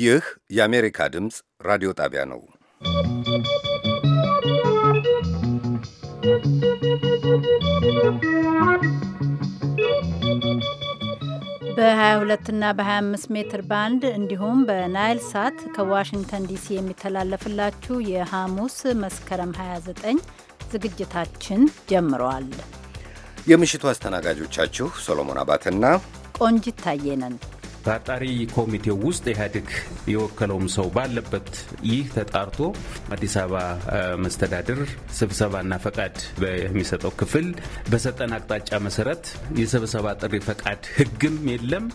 ይህ የአሜሪካ ድምፅ ራዲዮ ጣቢያ ነው። በ22 እና በ25 ሜትር ባንድ እንዲሁም በናይል ሳት ከዋሽንግተን ዲሲ የሚተላለፍላችሁ የሐሙስ መስከረም 29 ዝግጅታችን ጀምረዋል። የምሽቱ አስተናጋጆቻችሁ ሶሎሞን አባተና ቆንጂት ታየነን። ታጣሪ ኮሚቴው ውስጥ ኢህአዴግ የወከለውም ሰው ባለበት ይህ ተጣርቶ አዲስ አበባ መስተዳድር ስብሰባና ፈቃድ በሚሰጠው ክፍል በሰጠን አቅጣጫ መሰረት የስብሰባ ጥሪ ፈቃድ ህግም የለም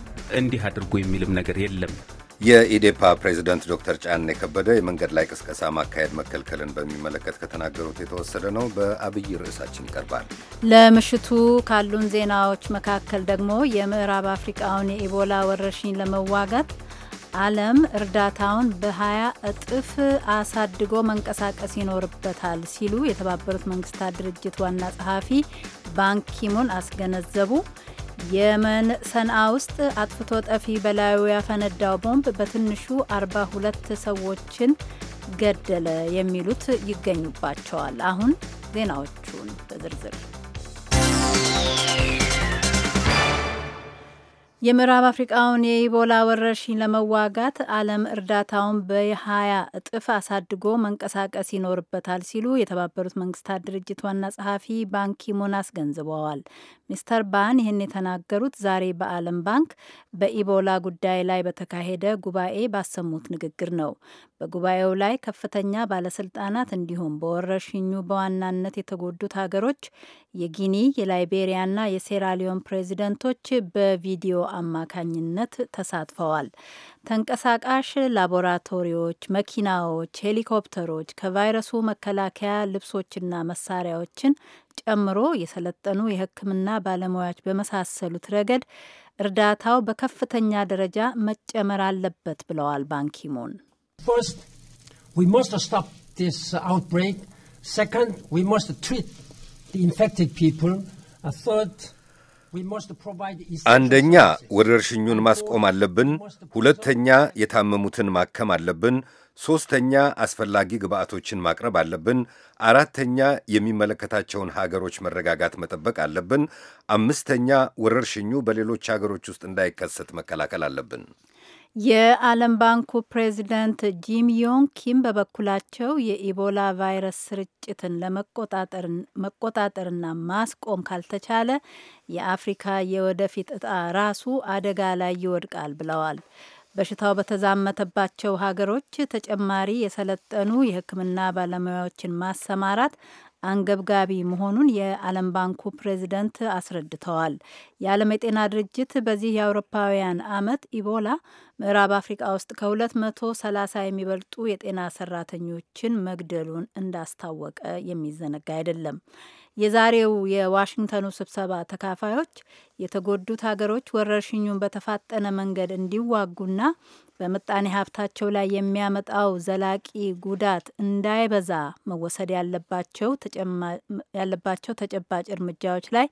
እንዲህ አድርጎ የሚልም ነገር የለም። የኢዴፓ ፕሬዚደንት ዶክተር ጫኔ ከበደ የመንገድ ላይ ቅስቀሳ ማካሄድ መከልከልን በሚመለከት ከተናገሩት የተወሰደ ነው። በአብይ ርዕሳችን ይቀርባል። ለምሽቱ ካሉን ዜናዎች መካከል ደግሞ የምዕራብ አፍሪቃውን የኢቦላ ወረርሽኝ ለመዋጋት ዓለም እርዳታውን በሀያ እጥፍ አሳድጎ መንቀሳቀስ ይኖርበታል ሲሉ የተባበሩት መንግስታት ድርጅት ዋና ጸሐፊ ባንኪሙን አስገነዘቡ። የመን ሰንዓ ውስጥ አጥፍቶ ጠፊ በላዩ ያፈነዳው ቦምብ በትንሹ 42 ሰዎችን ገደለ የሚሉት ይገኙባቸዋል። አሁን ዜናዎቹን በዝርዝር የምዕራብ አፍሪቃውን የኢቦላ ወረርሽኝ ለመዋጋት ዓለም እርዳታውን በሀያ እጥፍ አሳድጎ መንቀሳቀስ ይኖርበታል ሲሉ የተባበሩት መንግስታት ድርጅት ዋና ጸሐፊ ባንኪሙን አስገንዝበዋል። ሚስተር ባን ይህን የተናገሩት ዛሬ በዓለም ባንክ በኢቦላ ጉዳይ ላይ በተካሄደ ጉባኤ ባሰሙት ንግግር ነው። በጉባኤው ላይ ከፍተኛ ባለስልጣናት እንዲሁም በወረርሽኙ በዋናነት የተጎዱት ሀገሮች የጊኒ የላይቤሪያና የሴራሊዮን ፕሬዚደንቶች በቪዲዮ አማካኝነት ተሳትፈዋል። ተንቀሳቃሽ ላቦራቶሪዎች፣ መኪናዎች፣ ሄሊኮፕተሮች፣ ከቫይረሱ መከላከያ ልብሶችና መሳሪያዎችን ጨምሮ የሰለጠኑ የሕክምና ባለሙያዎች በመሳሰሉት ረገድ እርዳታው በከፍተኛ ደረጃ መጨመር አለበት ብለዋል ባንኪሙን። አንደኛ ወረርሽኙን ማስቆም አለብን። ሁለተኛ የታመሙትን ማከም አለብን። ሦስተኛ አስፈላጊ ግብአቶችን ማቅረብ አለብን። አራተኛ የሚመለከታቸውን ሀገሮች መረጋጋት መጠበቅ አለብን። አምስተኛ ወረርሽኙ በሌሎች ሀገሮች ውስጥ እንዳይከሰት መከላከል አለብን። የዓለም ባንኩ ፕሬዚደንት ጂም ዮንግ ኪም በበኩላቸው የኢቦላ ቫይረስ ስርጭትን ለመቆጣጠርና ማስቆም ካልተቻለ የአፍሪካ የወደፊት እጣ ራሱ አደጋ ላይ ይወድቃል ብለዋል። በሽታው በተዛመተባቸው ሀገሮች ተጨማሪ የሰለጠኑ የሕክምና ባለሙያዎችን ማሰማራት አንገብጋቢ መሆኑን የዓለም ባንኩ ፕሬዚደንት አስረድተዋል። የዓለም የጤና ድርጅት በዚህ የአውሮፓውያን አመት ኢቦላ ምዕራብ አፍሪቃ ውስጥ ከ230 የሚበልጡ የጤና ሰራተኞችን መግደሉን እንዳስታወቀ የሚዘነጋ አይደለም። የዛሬው የዋሽንግተኑ ስብሰባ ተካፋዮች የተጎዱት ሀገሮች ወረርሽኙን በተፋጠነ መንገድ እንዲዋጉና በምጣኔ ሀብታቸው ላይ የሚያመጣው ዘላቂ ጉዳት እንዳይበዛ መወሰድ ያለባቸው ተጨባጭ እርምጃዎች ላይ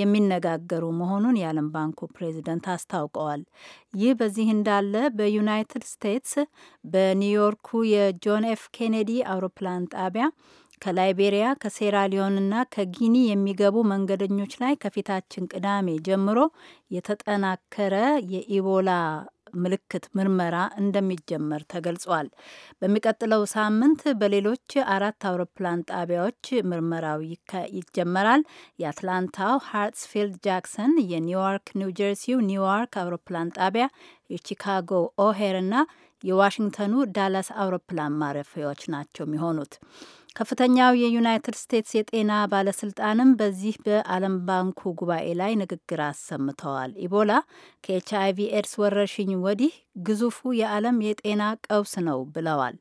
የሚነጋገሩ መሆኑን የዓለም ባንኩ ፕሬዚደንት አስታውቀዋል። ይህ በዚህ እንዳለ በዩናይትድ ስቴትስ በኒውዮርኩ የጆን ኤፍ ኬኔዲ አውሮፕላን ጣቢያ ከላይቤሪያ ከሴራሊዮንና ከጊኒ የሚገቡ መንገደኞች ላይ ከፊታችን ቅዳሜ ጀምሮ የተጠናከረ የኢቦላ ምልክት ምርመራ እንደሚጀመር ተገልጿል። በሚቀጥለው ሳምንት በሌሎች አራት አውሮፕላን ጣቢያዎች ምርመራው ይጀመራል። የአትላንታው ሃርትስፊልድ ጃክሰን፣ የኒውዮርክ ኒውጀርሲው ኒውዋርክ አውሮፕላን ጣቢያ፣ የቺካጎ ኦሄር እና የዋሽንግተኑ ዳላስ አውሮፕላን ማረፊያዎች ናቸው የሚሆኑት። ከፍተኛው የዩናይትድ ስቴትስ የጤና ባለስልጣንም በዚህ በዓለም ባንኩ ጉባኤ ላይ ንግግር አሰምተዋል። ኢቦላ ከኤች አይቪ ኤድስ ወረርሽኝ ወዲህ ግዙፉ የዓለም የጤና ቀውስ ነው ብለዋል።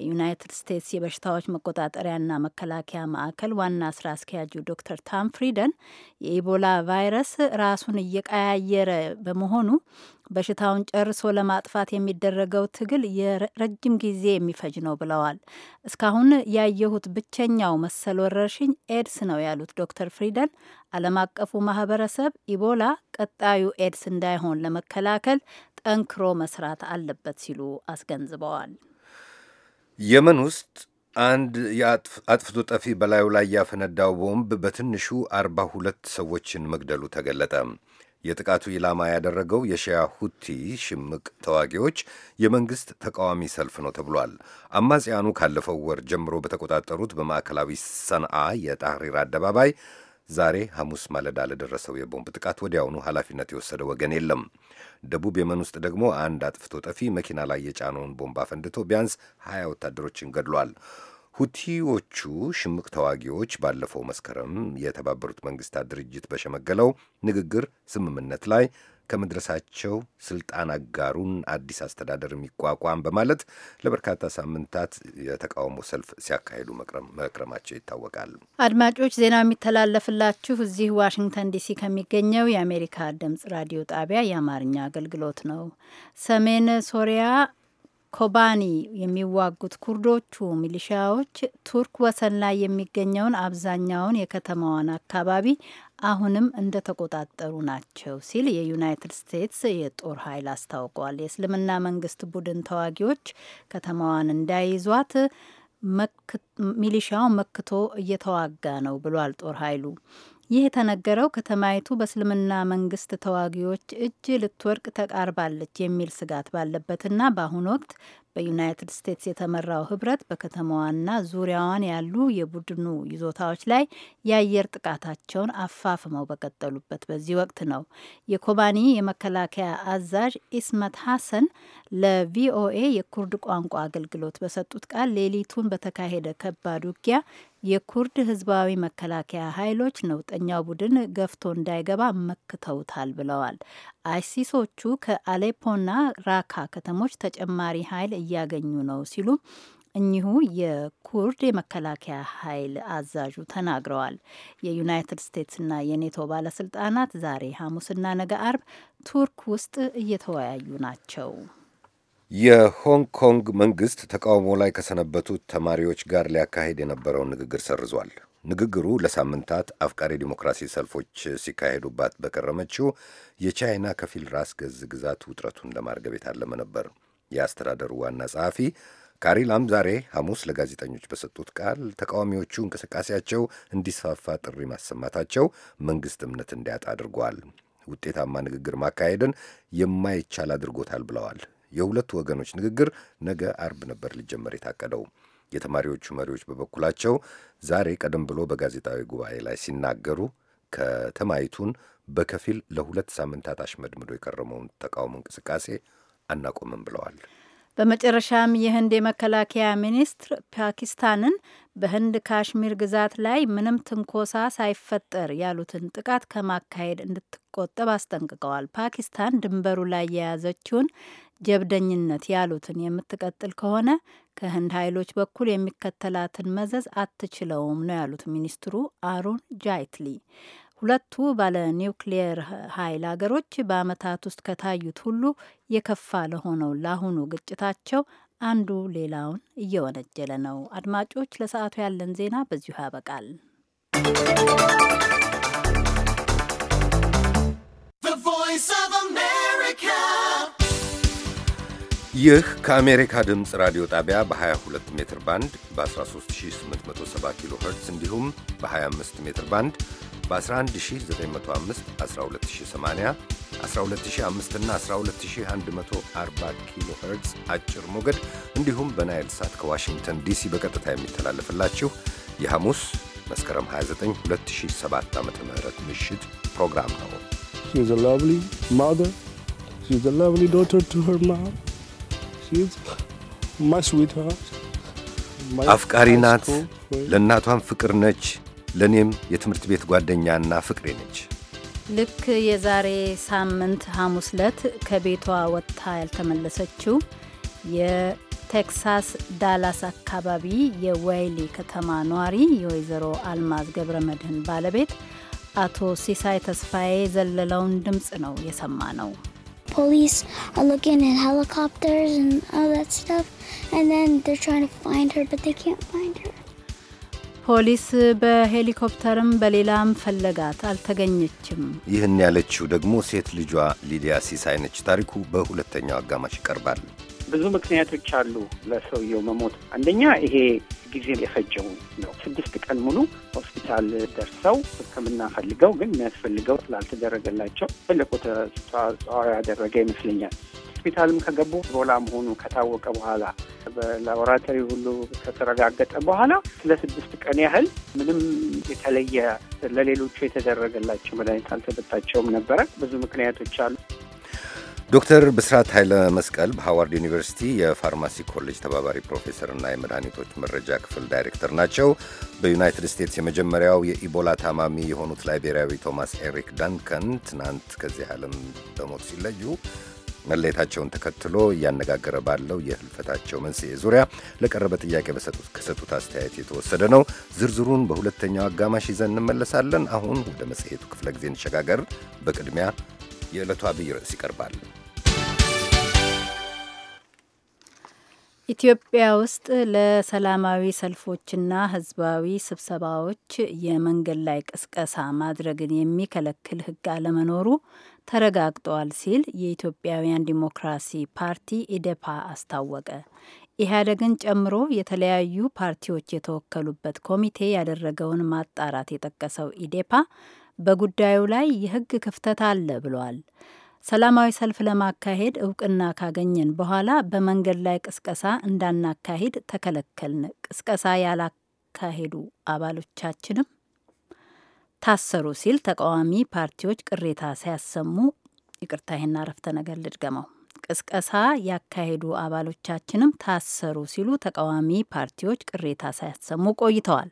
የዩናይትድ ስቴትስ የበሽታዎች መቆጣጠሪያና መከላከያ ማዕከል ዋና ስራ አስኪያጁ ዶክተር ታም ፍሪደን የኢቦላ ቫይረስ ራሱን እየቀያየረ በመሆኑ በሽታውን ጨርሶ ለማጥፋት የሚደረገው ትግል የረጅም ጊዜ የሚፈጅ ነው ብለዋል። እስካሁን ያየሁት ብቸኛው መሰል ወረርሽኝ ኤድስ ነው ያሉት ዶክተር ፍሪደን ዓለም አቀፉ ማህበረሰብ ኢቦላ ቀጣዩ ኤድስ እንዳይሆን ለመከላከል ጠንክሮ መስራት አለበት ሲሉ አስገንዝበዋል። የመን ውስጥ አንድ የአጥፍቶ ጠፊ በላዩ ላይ ያፈነዳው ቦምብ በትንሹ አርባ ሁለት ሰዎችን መግደሉ ተገለጠ። የጥቃቱ ኢላማ ያደረገው የሺያ ሁቲ ሽምቅ ተዋጊዎች የመንግሥት ተቃዋሚ ሰልፍ ነው ተብሏል። አማጽያኑ ካለፈው ወር ጀምሮ በተቆጣጠሩት በማዕከላዊ ሰንዓ የታህሪር አደባባይ ዛሬ ሐሙስ ማለዳ ለደረሰው የቦምብ ጥቃት ወዲያውኑ ኃላፊነት የወሰደ ወገን የለም። ደቡብ የመን ውስጥ ደግሞ አንድ አጥፍቶ ጠፊ መኪና ላይ የጫነውን ቦምብ አፈንድቶ ቢያንስ 20 ወታደሮችን ገድሏል። ሁቲዎቹ ሽምቅ ተዋጊዎች ባለፈው መስከረም የተባበሩት መንግስታት ድርጅት በሸመገለው ንግግር ስምምነት ላይ ከመድረሳቸው ስልጣን አጋሩን አዲስ አስተዳደር የሚቋቋም በማለት ለበርካታ ሳምንታት የተቃውሞ ሰልፍ ሲያካሂዱ መክረማቸው ይታወቃል። አድማጮች ዜናው የሚተላለፍላችሁ እዚህ ዋሽንግተን ዲሲ ከሚገኘው የአሜሪካ ድምጽ ራዲዮ ጣቢያ የአማርኛ አገልግሎት ነው። ሰሜን ሶሪያ ኮባኒ የሚዋጉት ኩርዶቹ ሚሊሺያዎች ቱርክ ወሰን ላይ የሚገኘውን አብዛኛውን የከተማዋን አካባቢ አሁንም እንደተቆጣጠሩ ናቸው ሲል የዩናይትድ ስቴትስ የጦር ኃይል አስታውቋል። የእስልምና መንግስት ቡድን ተዋጊዎች ከተማዋን እንዳይዟት ሚሊሻው መክቶ እየተዋጋ ነው ብሏል ጦር ኃይሉ። ይህ የተነገረው ከተማይቱ በእስልምና መንግስት ተዋጊዎች እጅ ልትወርቅ ተቃርባለች የሚል ስጋት ባለበትና በአሁኑ ወቅት በዩናይትድ ስቴትስ የተመራው ህብረት በከተማዋና ዙሪያዋን ያሉ የቡድኑ ይዞታዎች ላይ የአየር ጥቃታቸውን አፋፍመው በቀጠሉበት በዚህ ወቅት ነው የኮባኒ የመከላከያ አዛዥ ኢስመት ሐሰን ለቪኦኤ የኩርድ ቋንቋ አገልግሎት በሰጡት ቃል ሌሊቱን በተካሄደ ከባድ ውጊያ የኩርድ ህዝባዊ መከላከያ ኃይሎች ነውጠኛው ቡድን ገፍቶ እንዳይገባ መክተውታል ብለዋል። አይሲሶቹ ከአሌፖና ራካ ከተሞች ተጨማሪ ኃይል እያገኙ ነው ሲሉም እኚሁ የኩርድ የመከላከያ ኃይል አዛዡ ተናግረዋል። የዩናይትድ ስቴትስና የኔቶ ባለስልጣናት ዛሬ ሐሙስና ነገ አርብ ቱርክ ውስጥ እየተወያዩ ናቸው። የሆንግ ኮንግ መንግስት ተቃውሞ ላይ ከሰነበቱት ተማሪዎች ጋር ሊያካሂድ የነበረውን ንግግር ሰርዟል። ንግግሩ ለሳምንታት አፍቃሪ ዲሞክራሲ ሰልፎች ሲካሄዱባት በከረመችው የቻይና ከፊል ራስ ገዝ ግዛት ውጥረቱን ለማርገብ የታለመ ነበር። የአስተዳደሩ ዋና ጸሐፊ ካሪ ላም ዛሬ ሐሙስ ለጋዜጠኞች በሰጡት ቃል ተቃዋሚዎቹ እንቅስቃሴያቸው እንዲስፋፋ ጥሪ ማሰማታቸው መንግሥት እምነት እንዲያጣ አድርጓል፣ ውጤታማ ንግግር ማካሄድን የማይቻል አድርጎታል ብለዋል። የሁለቱ ወገኖች ንግግር ነገ አርብ ነበር ሊጀመር የታቀደው። የተማሪዎቹ መሪዎች በበኩላቸው ዛሬ ቀደም ብሎ በጋዜጣዊ ጉባኤ ላይ ሲናገሩ ከተማይቱን በከፊል ለሁለት ሳምንታት አሽመድምዶ የከረመውን ተቃውሞ እንቅስቃሴ አናቆምም ብለዋል። በመጨረሻም የህንድ የመከላከያ ሚኒስትር ፓኪስታንን በህንድ ካሽሚር ግዛት ላይ ምንም ትንኮሳ ሳይፈጠር ያሉትን ጥቃት ከማካሄድ እንድትቆጠብ አስጠንቅቀዋል። ፓኪስታን ድንበሩ ላይ የያዘችውን ጀብደኝነት ያሉትን የምትቀጥል ከሆነ ከህንድ ኃይሎች በኩል የሚከተላትን መዘዝ አትችለውም ነው ያሉት ሚኒስትሩ አሩን ጃይትሊ። ሁለቱ ባለ ኒውክሊየር ኃይል አገሮች በአመታት ውስጥ ከታዩት ሁሉ የከፋ ለሆነው ለአሁኑ ግጭታቸው አንዱ ሌላውን እየወነጀለ ነው። አድማጮች፣ ለሰዓቱ ያለን ዜና በዚሁ ያበቃል። ይህ ከአሜሪካ ድምፅ ራዲዮ ጣቢያ በ22 ሜትር ባንድ በ13870 ኪሎ ኸርትዝ እንዲሁም በ25 ሜትር ባንድ በ11905 12080 12005 እና 12140 ኪሎ ሄርትዝ አጭር ሞገድ እንዲሁም በናይል ሳት ከዋሽንግተን ዲሲ በቀጥታ የሚተላለፍላችሁ የሐሙስ መስከረም 29 2007 ዓ ም ምሽት ፕሮግራም ነው። አፍቃሪ ናት፣ ለእናቷም ፍቅር ነች። ለእኔም የትምህርት ቤት ጓደኛና ፍቅሬ ነች። ልክ የዛሬ ሳምንት ሐሙስ ዕለት ከቤቷ ወጥታ ያልተመለሰችው የቴክሳስ ዳላስ አካባቢ የዋይሊ ከተማ ነዋሪ የወይዘሮ አልማዝ ገብረ መድህን ባለቤት አቶ ሲሳይ ተስፋዬ ዘለለውን ድምፅ ነው የሰማ ነው። ፖሊስ ሄሊኮፕተርስ ፖሊስ በሄሊኮፕተርም በሌላም ፈለጋት፣ አልተገኘችም። ይህን ያለችው ደግሞ ሴት ልጇ ሊዲያ ሲሳይ ነች። ታሪኩ በሁለተኛው አጋማሽ ይቀርባል። ብዙ ምክንያቶች አሉ ለሰውየው መሞት። አንደኛ ይሄ ጊዜ የፈጀው ነው። ስድስት ቀን ሙሉ ሆስፒታል ደርሰው ሕክምና ፈልገው ግን የሚያስፈልገው ስላልተደረገላቸው ትልቁ ተጽዕኖ ያደረገ ይመስለኛል። ሆስፒታልም ከገቡ ኢቦላ መሆኑ ከታወቀ በኋላ በላቦራቶሪ ሁሉ ከተረጋገጠ በኋላ ስለ ስድስት ቀን ያህል ምንም የተለየ ለሌሎቹ የተደረገላቸው መድኃኒት አልተሰጣቸውም ነበረ። ብዙ ምክንያቶች አሉ። ዶክተር ብስራት ኃይለ መስቀል በሃዋርድ ዩኒቨርሲቲ የፋርማሲ ኮሌጅ ተባባሪ ፕሮፌሰርና የመድኃኒቶች መረጃ ክፍል ዳይሬክተር ናቸው። በዩናይትድ ስቴትስ የመጀመሪያው የኢቦላ ታማሚ የሆኑት ላይቤሪያዊ ቶማስ ኤሪክ ዳንከን ትናንት ከዚህ ዓለም በሞት ሲለዩ መለየታቸውን ተከትሎ እያነጋገረ ባለው የህልፈታቸው መንስኤ ዙሪያ ለቀረበ ጥያቄ ከሰጡት አስተያየት የተወሰደ ነው። ዝርዝሩን በሁለተኛው አጋማሽ ይዘን እንመለሳለን። አሁን ወደ መጽሔቱ ክፍለ ጊዜ እንሸጋገር። በቅድሚያ የዕለቱ አብይ ርዕስ ይቀርባል። ኢትዮጵያ ውስጥ ለሰላማዊ ሰልፎችና ህዝባዊ ስብሰባዎች የመንገድ ላይ ቅስቀሳ ማድረግን የሚከለክል ህግ አለመኖሩ ተረጋግጧል ሲል የኢትዮጵያውያን ዲሞክራሲ ፓርቲ ኢዴፓ አስታወቀ። ኢህአዴግን ጨምሮ የተለያዩ ፓርቲዎች የተወከሉበት ኮሚቴ ያደረገውን ማጣራት የጠቀሰው ኢዴፓ በጉዳዩ ላይ የህግ ክፍተት አለ ብሏል። ሰላማዊ ሰልፍ ለማካሄድ እውቅና ካገኘን በኋላ በመንገድ ላይ ቅስቀሳ እንዳናካሄድ ተከለከልን። ቅስቀሳ ያላካሄዱ አባሎቻችንም ታሰሩ ሲል ተቃዋሚ ፓርቲዎች ቅሬታ ሲያሰሙ፣ ይቅርታ ይሄን አረፍተ ነገር ልድገመው። ቅስቀሳ ያካሄዱ አባሎቻችንም ታሰሩ ሲሉ ተቃዋሚ ፓርቲዎች ቅሬታ ሳያሰሙ ቆይተዋል።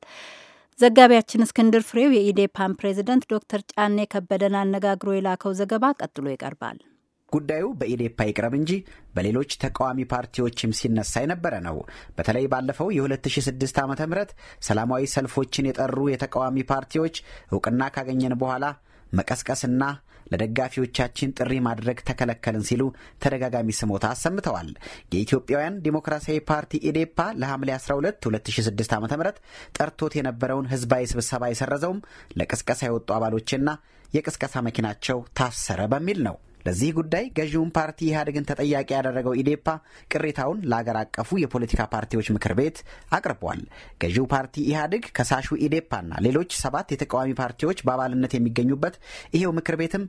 ዘጋቢያችን እስክንድር ፍሬው የኢዴፓን ፕሬዝደንት ዶክተር ጫኔ ከበደን አነጋግሮ የላከው ዘገባ ቀጥሎ ይቀርባል። ጉዳዩ በኢዴፓ ይቅረብ እንጂ በሌሎች ተቃዋሚ ፓርቲዎችም ሲነሳ የነበረ ነው። በተለይ ባለፈው የ2006 ዓ ም ሰላማዊ ሰልፎችን የጠሩ የተቃዋሚ ፓርቲዎች እውቅና ካገኘን በኋላ መቀስቀስና ለደጋፊዎቻችን ጥሪ ማድረግ ተከለከልን ሲሉ ተደጋጋሚ ስሞታ አሰምተዋል። የኢትዮጵያውያን ዴሞክራሲያዊ ፓርቲ ኢዴፓ ለሐምሌ 12 2006 ዓ ም ጠርቶት የነበረውን ህዝባዊ ስብሰባ የሰረዘውም ለቅስቀሳ የወጡ አባሎችና የቅስቀሳ መኪናቸው ታሰረ በሚል ነው። ለዚህ ጉዳይ ገዢውን ፓርቲ ኢህአዴግን ተጠያቂ ያደረገው ኢዴፓ ቅሬታውን ለአገር አቀፉ የፖለቲካ ፓርቲዎች ምክር ቤት አቅርቧል። ገዢው ፓርቲ ኢህአዴግ፣ ከሳሹ ኢዴፓና ሌሎች ሰባት የተቃዋሚ ፓርቲዎች በአባልነት የሚገኙበት ይሄው ምክር ቤትም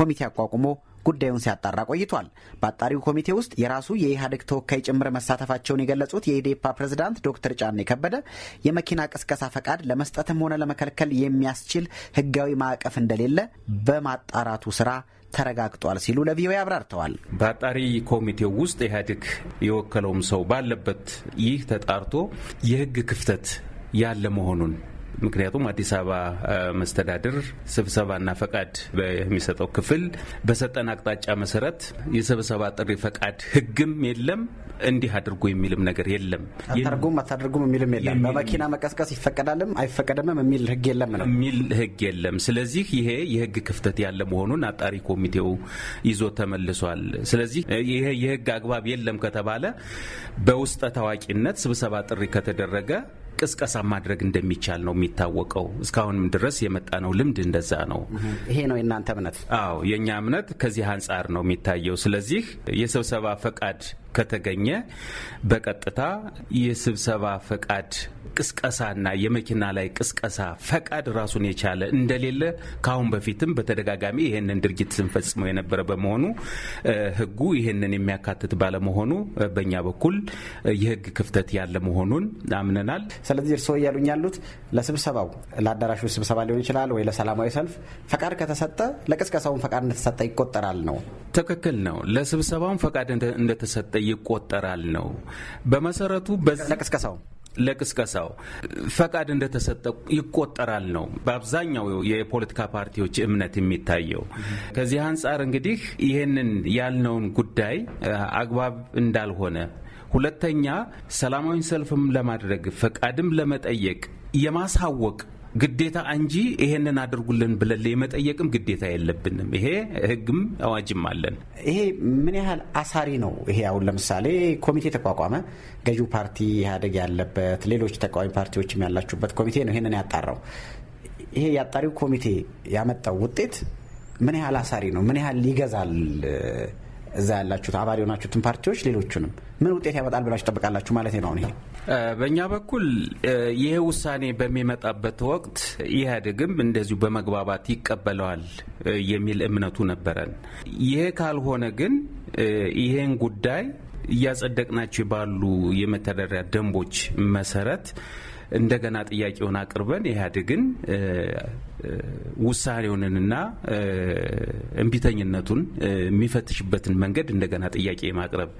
ኮሚቴ አቋቁሞ ጉዳዩን ሲያጣራ ቆይቷል። በአጣሪው ኮሚቴ ውስጥ የራሱ የኢህአዴግ ተወካይ ጭምር መሳተፋቸውን የገለጹት የኢዴፓ ፕሬዝዳንት ዶክተር ጫኔ ከበደ የመኪና ቅስቀሳ ፈቃድ ለመስጠትም ሆነ ለመከልከል የሚያስችል ህጋዊ ማዕቀፍ እንደሌለ በማጣራቱ ስራ ተረጋግጧል ሲሉ ለቪኦኤ አብራርተዋል። በአጣሪ ኮሚቴው ውስጥ ኢህአዴግ የወከለውም ሰው ባለበት ይህ ተጣርቶ የህግ ክፍተት ያለ መሆኑን ምክንያቱም አዲስ አበባ መስተዳድር ስብሰባና ፈቃድ በሚሰጠው ክፍል በሰጠን አቅጣጫ መሰረት የስብሰባ ጥሪ ፈቃድ ህግም የለም እንዲህ አድርጎ የሚልም ነገር የለም። አታርጉም አታደርጉም የሚልም የለም። በመኪና መቀስቀስ ይፈቀዳልም አይፈቀደምም የሚል ህግ የለም ነው የሚል ህግ የለም። ስለዚህ ይሄ የህግ ክፍተት ያለ መሆኑን አጣሪ ኮሚቴው ይዞ ተመልሷል። ስለዚህ ይሄ የህግ አግባብ የለም ከተባለ በውስጠ ታዋቂነት ስብሰባ ጥሪ ከተደረገ ቅስቀሳ ማድረግ እንደሚቻል ነው የሚታወቀው። እስካሁንም ድረስ የመጣ ነው ልምድ እንደዛ ነው። ይሄ ነው የእናንተ እምነት? አዎ የእኛ እምነት ከዚህ አንጻር ነው የሚታየው። ስለዚህ የስብሰባ ፈቃድ ከተገኘ በቀጥታ የስብሰባ ፈቃድ ቅስቀሳና የመኪና ላይ ቅስቀሳ ፈቃድ ራሱን የቻለ እንደሌለ ከአሁን በፊትም በተደጋጋሚ ይህንን ድርጊት ስንፈጽመው የነበረ በመሆኑ ህጉ ይህንን የሚያካትት ባለመሆኑ በእኛ በኩል የህግ ክፍተት ያለ መሆኑን አምነናል። ስለዚህ እርስዎ እያሉኝ ያሉት ለስብሰባው ለአዳራሹ ስብሰባ ሊሆን ይችላል ወይ ለሰላማዊ ሰልፍ ፈቃድ ከተሰጠ ለቅስቀሳውን ፈቃድ እንደተሰጠ ይቆጠራል ነው? ትክክል ነው። ለስብሰባውን ፈቃድ እንደተሰጠ ይቆጠራል ነው። በመሰረቱ ለቅስቀሳው ለቅስቀሳው ፈቃድ እንደተሰጠ ይቆጠራል ነው በአብዛኛው የፖለቲካ ፓርቲዎች እምነት የሚታየው። ከዚህ አንጻር እንግዲህ ይህንን ያልነውን ጉዳይ አግባብ እንዳልሆነ ሁለተኛ ሰላማዊ ሰልፍም ለማድረግ ፈቃድም ለመጠየቅ የማሳወቅ ግዴታ እንጂ ይሄንን አድርጉልን ብለን የመጠየቅም ግዴታ የለብንም። ይሄ ህግም አዋጅም አለን። ይሄ ምን ያህል አሳሪ ነው? ይሄ አሁን ለምሳሌ ኮሚቴ ተቋቋመ፣ ገዢው ፓርቲ ኢህአዴግ ያለበት፣ ሌሎች ተቃዋሚ ፓርቲዎችም ያላችሁበት ኮሚቴ ነው ይሄንን ያጣራው። ይሄ የአጣሪው ኮሚቴ ያመጣው ውጤት ምን ያህል አሳሪ ነው? ምን ያህል ይገዛል? እዛ ያላችሁት አባል የሆናችሁትን ፓርቲዎች ሌሎቹንም ምን ውጤት ያመጣል ብላችሁ ጠብቃላችሁ ማለት ነው? ይሄ በእኛ በኩል ይህ ውሳኔ በሚመጣበት ወቅት ኢህአዴግም እንደዚሁ በመግባባት ይቀበለዋል የሚል እምነቱ ነበረን። ይሄ ካልሆነ ግን ይሄን ጉዳይ እያጸደቅናቸው ባሉ የመተዳደሪያ ደንቦች መሰረት እንደገና ጥያቄውን አቅርበን ኢህአዴግን ውሳኔውንና እምቢተኝነቱን የሚፈትሽበትን መንገድ እንደገና ጥያቄ የማቅረብ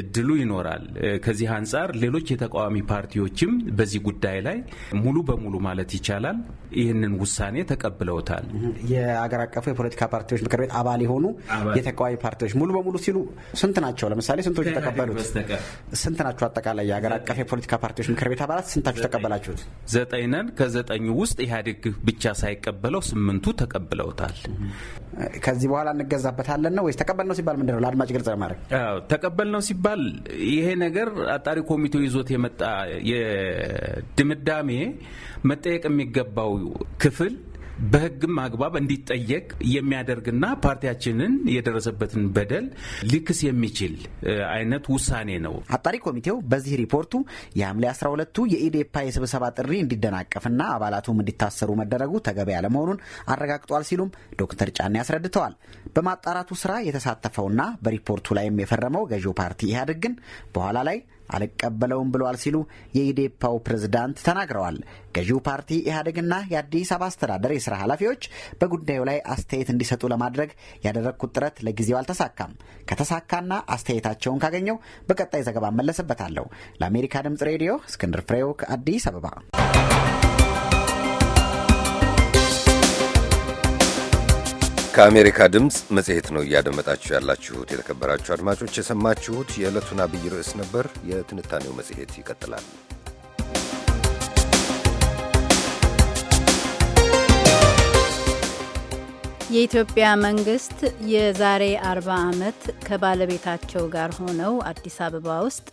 እድሉ ይኖራል። ከዚህ አንጻር ሌሎች የተቃዋሚ ፓርቲዎችም በዚህ ጉዳይ ላይ ሙሉ በሙሉ ማለት ይቻላል ይህንን ውሳኔ ተቀብለውታል። የአገር አቀፉ የፖለቲካ ፓርቲዎች ምክር ቤት አባል የሆኑ የተቃዋሚ ፓርቲዎች ሙሉ በሙሉ ሲሉ ስንት ናቸው? ለምሳሌ ስንቶቹ ተቀበሉት? ስንት ናቸው? አጠቃላይ የአገር አቀፍ የፖለቲካ ፓርቲዎች ምክር ቤት አባላት ስንታችሁ ተቀበላችሁት? ዘጠኝ ነን። ከዘጠኙ ውስጥ ኢህአዴግ ብቻ ሳይቀበለው ስምንቱ ተቀብለውታል። ከዚህ በኋላ እንገዛበታለን ነው ወይስ ነው ሲባል ምንድን ነው? ለአድማጭ ግልጽ ለማድረግ ነው ሲባል ይሄ ነገር አጣሪ ኮሚቴው ይዞት የመጣ የድምዳሜ መጠየቅ የሚገባው ክፍል በህግም አግባብ እንዲጠየቅ የሚያደርግና ፓርቲያችንን የደረሰበትን በደል ሊክስ የሚችል አይነት ውሳኔ ነው። አጣሪ ኮሚቴው በዚህ ሪፖርቱ የሐምሌ 12ቱ የኢዴፓ የስብሰባ ጥሪ እንዲደናቀፍና አባላቱም እንዲታሰሩ መደረጉ ተገቢ ያለመሆኑን አረጋግጧል ሲሉም ዶክተር ጫኔ አስረድተዋል። በማጣራቱ ስራ የተሳተፈውና በሪፖርቱ ላይም የፈረመው ገዢው ፓርቲ ኢህአዴግ ግን በኋላ ላይ አልቀበለውም ብለዋል ሲሉ የኢዴፓው ፕሬዝዳንት ተናግረዋል። ገዢው ፓርቲ ኢህአዴግና የአዲስ አበባ አስተዳደር የስራ ኃላፊዎች በጉዳዩ ላይ አስተያየት እንዲሰጡ ለማድረግ ያደረግኩት ጥረት ለጊዜው አልተሳካም። ከተሳካና አስተያየታቸውን ካገኘው በቀጣይ ዘገባ እመለስበታለሁ። ለአሜሪካ ድምጽ ሬዲዮ እስክንድር ፍሬው ከአዲስ አበባ ከአሜሪካ ድምፅ መጽሔት ነው እያደመጣችሁ ያላችሁት። የተከበራችሁ አድማጮች የሰማችሁት የዕለቱን አብይ ርዕስ ነበር። የትንታኔው መጽሔት ይቀጥላል። የኢትዮጵያ መንግስት የዛሬ 40 ዓመት ከባለቤታቸው ጋር ሆነው አዲስ አበባ ውስጥ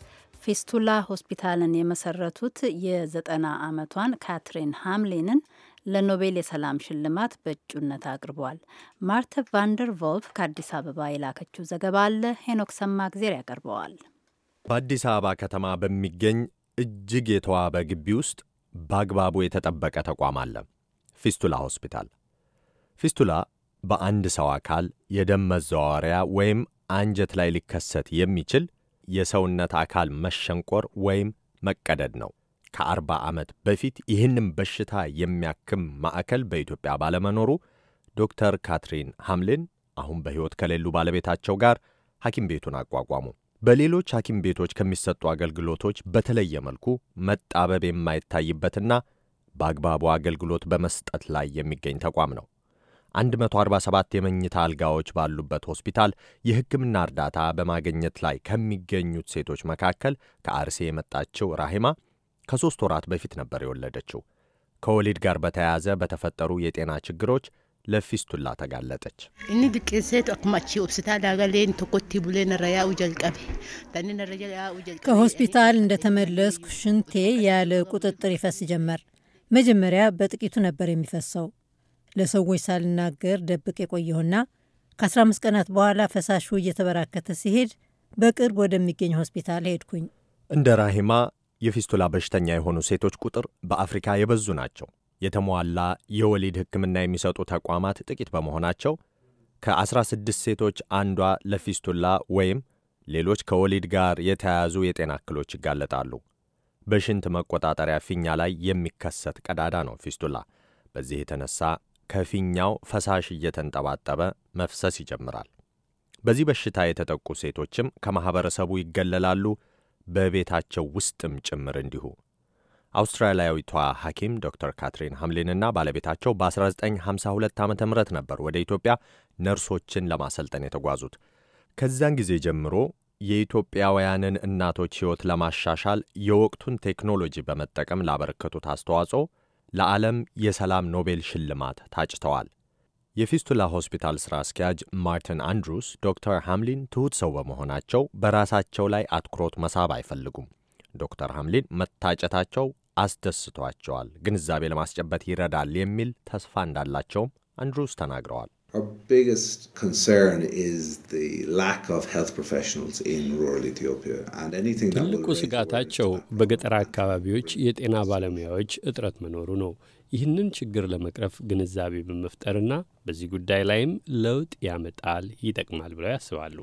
ፊስቱላ ሆስፒታልን የመሰረቱት የዘጠና ዓመቷን ካትሪን ሃምሊንን ለኖቤል የሰላም ሽልማት በእጩነት አቅርቧል። ማርተ ቫንደር ቮልፍ ከአዲስ አበባ የላከችው ዘገባ አለ። ሄኖክ ሰማግዜር ያቀርበዋል። በአዲስ አበባ ከተማ በሚገኝ እጅግ የተዋበ ግቢ ውስጥ በአግባቡ የተጠበቀ ተቋም አለ፣ ፊስቱላ ሆስፒታል። ፊስቱላ በአንድ ሰው አካል የደም መዘዋወሪያ ወይም አንጀት ላይ ሊከሰት የሚችል የሰውነት አካል መሸንቆር ወይም መቀደድ ነው። ከ40 ዓመት በፊት ይህንም በሽታ የሚያክም ማዕከል በኢትዮጵያ ባለመኖሩ ዶክተር ካትሪን ሐምሊን አሁን በሕይወት ከሌሉ ባለቤታቸው ጋር ሐኪም ቤቱን አቋቋሙ። በሌሎች ሐኪም ቤቶች ከሚሰጡ አገልግሎቶች በተለየ መልኩ መጣበብ የማይታይበትና በአግባቡ አገልግሎት በመስጠት ላይ የሚገኝ ተቋም ነው። 147 የመኝታ አልጋዎች ባሉበት ሆስፒታል የሕክምና እርዳታ በማግኘት ላይ ከሚገኙት ሴቶች መካከል ከአርሴ የመጣችው ራሂማ ከሦስት ወራት በፊት ነበር የወለደችው። ከወሊድ ጋር በተያያዘ በተፈጠሩ የጤና ችግሮች ለፊስቱላ ተጋለጠች። እኒ ኦብስታ ዳጋሌን ተኮቲ ቡሌን ከሆስፒታል እንደተመለስኩ ሽንቴ ያለ ቁጥጥር ይፈስ ጀመር። መጀመሪያ በጥቂቱ ነበር የሚፈሰው። ለሰዎች ሳልናገር ደብቅ የቆየሁና ከ15 ቀናት በኋላ ፈሳሹ እየተበራከተ ሲሄድ በቅርብ ወደሚገኝ ሆስፒታል ሄድኩኝ። እንደ ራሂማ የፊስቱላ በሽተኛ የሆኑ ሴቶች ቁጥር በአፍሪካ የበዙ ናቸው። የተሟላ የወሊድ ሕክምና የሚሰጡ ተቋማት ጥቂት በመሆናቸው ከ16 ሴቶች አንዷ ለፊስቱላ ወይም ሌሎች ከወሊድ ጋር የተያያዙ የጤና እክሎች ይጋለጣሉ። በሽንት መቆጣጠሪያ ፊኛ ላይ የሚከሰት ቀዳዳ ነው ፊስቱላ። በዚህ የተነሳ ከፊኛው ፈሳሽ እየተንጠባጠበ መፍሰስ ይጀምራል። በዚህ በሽታ የተጠቁ ሴቶችም ከማኅበረሰቡ ይገለላሉ። በቤታቸው ውስጥም ጭምር እንዲሁ። አውስትራሊያዊቷ ሐኪም ዶክተር ካትሪን ሐምሊንና ባለቤታቸው በ1952 ዓ ም ነበር ወደ ኢትዮጵያ ነርሶችን ለማሰልጠን የተጓዙት። ከዚያን ጊዜ ጀምሮ የኢትዮጵያውያንን እናቶች ሕይወት ለማሻሻል የወቅቱን ቴክኖሎጂ በመጠቀም ላበረከቱት አስተዋጽኦ ለዓለም የሰላም ኖቤል ሽልማት ታጭተዋል። የፊስቱላ ሆስፒታል ሥራ አስኪያጅ ማርቲን አንድሩስ ዶክተር ሃምሊን ትሑት ሰው በመሆናቸው በራሳቸው ላይ አትኩሮት መሳብ አይፈልጉም። ዶክተር ሃምሊን መታጨታቸው አስደስቷቸዋል፣ ግንዛቤ ለማስጨበት ይረዳል የሚል ተስፋ እንዳላቸውም አንድሩስ ተናግረዋል። ትልቁ ስጋታቸው በገጠር አካባቢዎች የጤና ባለሙያዎች እጥረት መኖሩ ነው። ይህንን ችግር ለመቅረፍ ግንዛቤ በመፍጠርና በዚህ ጉዳይ ላይም ለውጥ ያመጣል፣ ይጠቅማል ብለው ያስባሉ።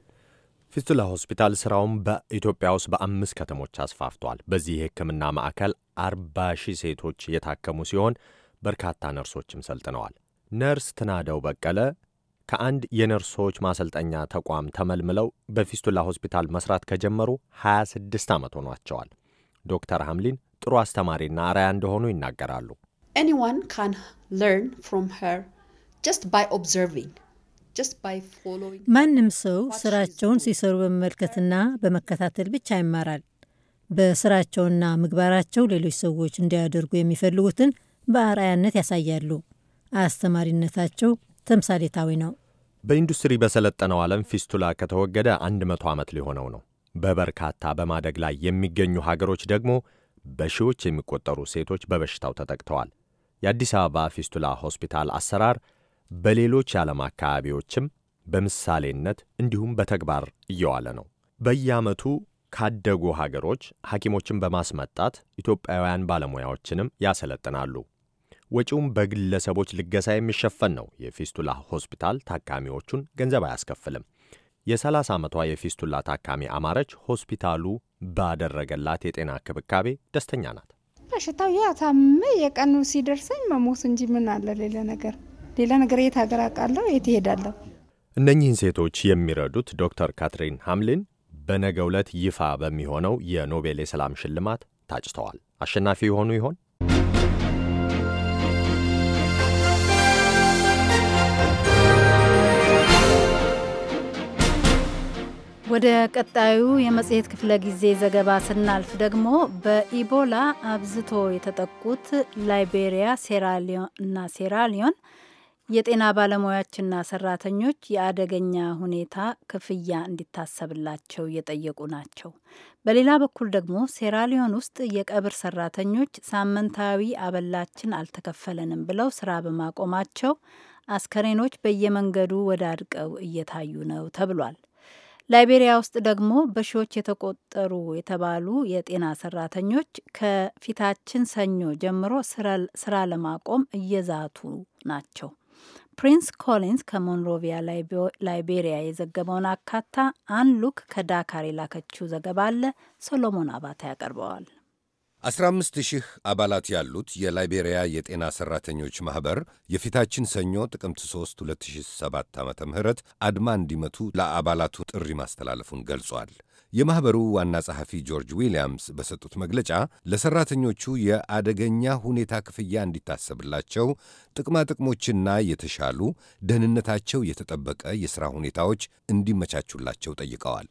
ፊስቱላ ሆስፒታል ስራውን በኢትዮጵያ ውስጥ በአምስት ከተሞች አስፋፍቷል። በዚህ የሕክምና ማዕከል አርባ ሺህ ሴቶች የታከሙ ሲሆን በርካታ ነርሶችም ሰልጥነዋል። ነርስ ትናደው በቀለ ከአንድ የነርሶች ማሰልጠኛ ተቋም ተመልምለው በፊስቱላ ሆስፒታል መስራት ከጀመሩ 26 ዓመት ሆኗቸዋል። ዶክተር ሐምሊን ጥሩ አስተማሪና አርአያ እንደሆኑ ይናገራሉ። anyone can learn from her just by observing ማንም ሰው ስራቸውን ሲሰሩ በመመልከትና በመከታተል ብቻ ይማራል። በስራቸውና ምግባራቸው ሌሎች ሰዎች እንዲያደርጉ የሚፈልጉትን በአርአያነት ያሳያሉ። አስተማሪነታቸው ተምሳሌታዊ ነው። በኢንዱስትሪ በሰለጠነው ዓለም ፊስቱላ ከተወገደ 100 ዓመት ሊሆነው ነው። በበርካታ በማደግ ላይ የሚገኙ ሀገሮች ደግሞ በሺዎች የሚቆጠሩ ሴቶች በበሽታው ተጠቅተዋል። የአዲስ አበባ ፊስቱላ ሆስፒታል አሰራር በሌሎች የዓለም አካባቢዎችም በምሳሌነት እንዲሁም በተግባር እየዋለ ነው። በየዓመቱ ካደጉ ሀገሮች ሐኪሞችን በማስመጣት ኢትዮጵያውያን ባለሙያዎችንም ያሰለጥናሉ። ወጪውም በግለሰቦች ልገሳ የሚሸፈን ነው። የፊስቱላ ሆስፒታል ታካሚዎቹን ገንዘብ አያስከፍልም። የ30 ዓመቷ የፊስቱላ ታካሚ አማረች ሆስፒታሉ ባደረገላት የጤና ክብካቤ ደስተኛ ናት። በሽታው ያ ታምሜ የቀኑ ሲደርሰኝ መሞት እንጂ ምን አለ ሌላ ነገር ሌላ ነገር የት ሀገር አውቃለሁ የት ይሄዳለሁ። እነኚህን ሴቶች የሚረዱት ዶክተር ካትሪን ሃምሊን በነገው ዕለት ይፋ በሚሆነው የኖቤል የሰላም ሽልማት ታጭተዋል። አሸናፊ የሆኑ ይሆን? ወደ ቀጣዩ የመጽሔት ክፍለ ጊዜ ዘገባ ስናልፍ ደግሞ በኢቦላ አብዝቶ የተጠቁት ላይቤሪያ ሴራሊዮንና ሴራሊዮን የጤና ባለሙያዎችና ሰራተኞች የአደገኛ ሁኔታ ክፍያ እንዲታሰብላቸው እየጠየቁ ናቸው። በሌላ በኩል ደግሞ ሴራሊዮን ውስጥ የቀብር ሰራተኞች ሳምንታዊ አበላችን አልተከፈለንም ብለው ስራ በማቆማቸው አስከሬኖች በየመንገዱ ወዳድቀው እየታዩ ነው ተብሏል። ላይቤሪያ ውስጥ ደግሞ በሺዎች የተቆጠሩ የተባሉ የጤና ሰራተኞች ከፊታችን ሰኞ ጀምሮ ስራ ለማቆም እየዛቱ ናቸው። ፕሪንስ ኮሊንስ ከሞንሮቪያ ላይቤሪያ የዘገበውን አካታ አንድ ሉክ ከዳካር የላከችው ዘገባ አለ። ሶሎሞን አባተ ያቀርበዋል። 15 ሺህ አባላት ያሉት የላይቤሪያ የጤና ሠራተኞች ማኅበር የፊታችን ሰኞ ጥቅምት 3 2007 ዓ ም አድማ እንዲመቱ ለአባላቱ ጥሪ ማስተላለፉን ገልጿል። የማኅበሩ ዋና ጸሐፊ ጆርጅ ዊልያምስ በሰጡት መግለጫ ለሠራተኞቹ የአደገኛ ሁኔታ ክፍያ እንዲታሰብላቸው ጥቅማጥቅሞችና የተሻሉ ደህንነታቸው የተጠበቀ የሥራ ሁኔታዎች እንዲመቻቹላቸው ጠይቀዋል።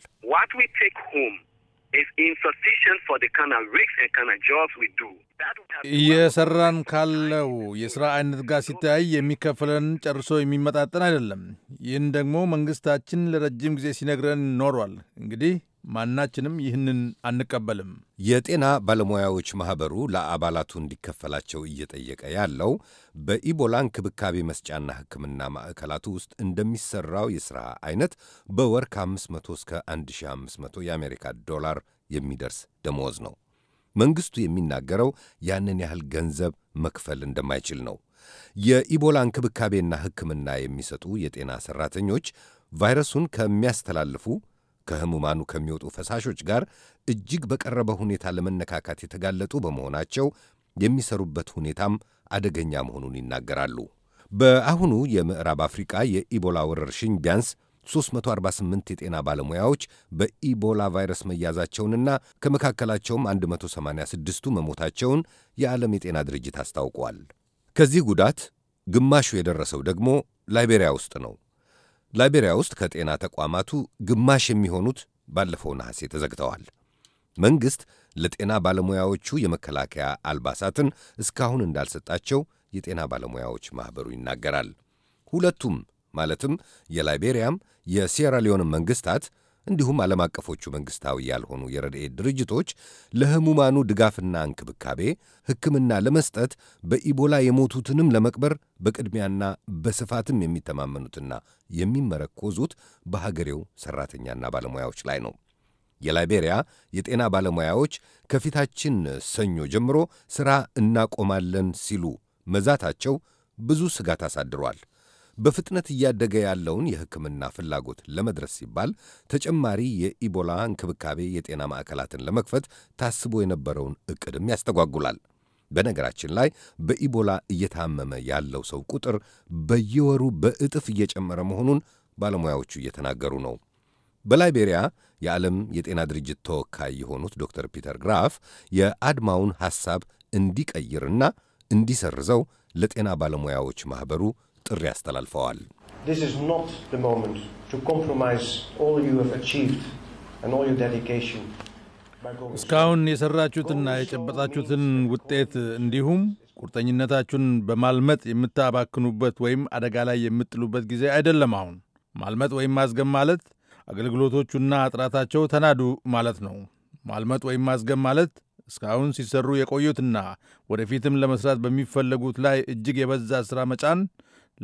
እየሰራን ካለው የሥራ አይነት ጋር ሲታይ የሚከፈለን ጨርሶ የሚመጣጠን አይደለም። ይህን ደግሞ መንግሥታችን ለረጅም ጊዜ ሲነግረን ኖሯል። እንግዲህ ማናችንም ይህንን አንቀበልም። የጤና ባለሙያዎች ማኅበሩ ለአባላቱ እንዲከፈላቸው እየጠየቀ ያለው በኢቦላ እንክብካቤ መስጫና ሕክምና ማዕከላቱ ውስጥ እንደሚሠራው የሥራ አይነት በወር ከ500 እስከ 1500 የአሜሪካ ዶላር የሚደርስ ደመወዝ ነው። መንግሥቱ የሚናገረው ያንን ያህል ገንዘብ መክፈል እንደማይችል ነው። የኢቦላ እንክብካቤና ሕክምና የሚሰጡ የጤና ሠራተኞች ቫይረሱን ከሚያስተላልፉ ከህሙማኑ ከሚወጡ ፈሳሾች ጋር እጅግ በቀረበ ሁኔታ ለመነካካት የተጋለጡ በመሆናቸው የሚሰሩበት ሁኔታም አደገኛ መሆኑን ይናገራሉ። በአሁኑ የምዕራብ አፍሪቃ የኢቦላ ወረርሽኝ ቢያንስ 348 የጤና ባለሙያዎች በኢቦላ ቫይረስ መያዛቸውንና ከመካከላቸውም 186ቱ መሞታቸውን የዓለም የጤና ድርጅት አስታውቋል። ከዚህ ጉዳት ግማሹ የደረሰው ደግሞ ላይቤሪያ ውስጥ ነው። ላይቤሪያ ውስጥ ከጤና ተቋማቱ ግማሽ የሚሆኑት ባለፈው ነሐሴ ተዘግተዋል። መንግሥት ለጤና ባለሙያዎቹ የመከላከያ አልባሳትን እስካሁን እንዳልሰጣቸው የጤና ባለሙያዎች ማኅበሩ ይናገራል። ሁለቱም ማለትም የላይቤሪያም የሴራሊዮንም መንግሥታት እንዲሁም ዓለም አቀፎቹ መንግሥታዊ ያልሆኑ የረድኤት ድርጅቶች ለሕሙማኑ ድጋፍና እንክብካቤ ሕክምና ለመስጠት በኢቦላ የሞቱትንም ለመቅበር በቅድሚያና በስፋትም የሚተማመኑትና የሚመረኮዙት በሀገሬው ሠራተኛና ባለሙያዎች ላይ ነው። የላይቤሪያ የጤና ባለሙያዎች ከፊታችን ሰኞ ጀምሮ ሥራ እናቆማለን ሲሉ መዛታቸው ብዙ ስጋት አሳድሯል። በፍጥነት እያደገ ያለውን የሕክምና ፍላጎት ለመድረስ ሲባል ተጨማሪ የኢቦላ እንክብካቤ የጤና ማዕከላትን ለመክፈት ታስቦ የነበረውን ዕቅድም ያስተጓጉላል። በነገራችን ላይ በኢቦላ እየታመመ ያለው ሰው ቁጥር በየወሩ በእጥፍ እየጨመረ መሆኑን ባለሙያዎቹ እየተናገሩ ነው። በላይቤሪያ የዓለም የጤና ድርጅት ተወካይ የሆኑት ዶክተር ፒተር ግራፍ የአድማውን ሐሳብ እንዲቀይርና እንዲሰርዘው ለጤና ባለሙያዎች ማኅበሩ ጥሪ አስተላልፈዋል። እስካሁን የሰራችሁትና የጨበጣችሁትን ውጤት እንዲሁም ቁርጠኝነታችሁን በማልመጥ የምታባክኑበት ወይም አደጋ ላይ የምጥሉበት ጊዜ አይደለም። አሁን ማልመጥ ወይም ማዝገም ማለት አገልግሎቶቹና ጥራታቸው ተናዱ ማለት ነው። ማልመጥ ወይም ማዝገም ማለት እስካሁን ሲሰሩ የቆዩትና ወደፊትም ለመስራት በሚፈለጉት ላይ እጅግ የበዛ ሥራ መጫን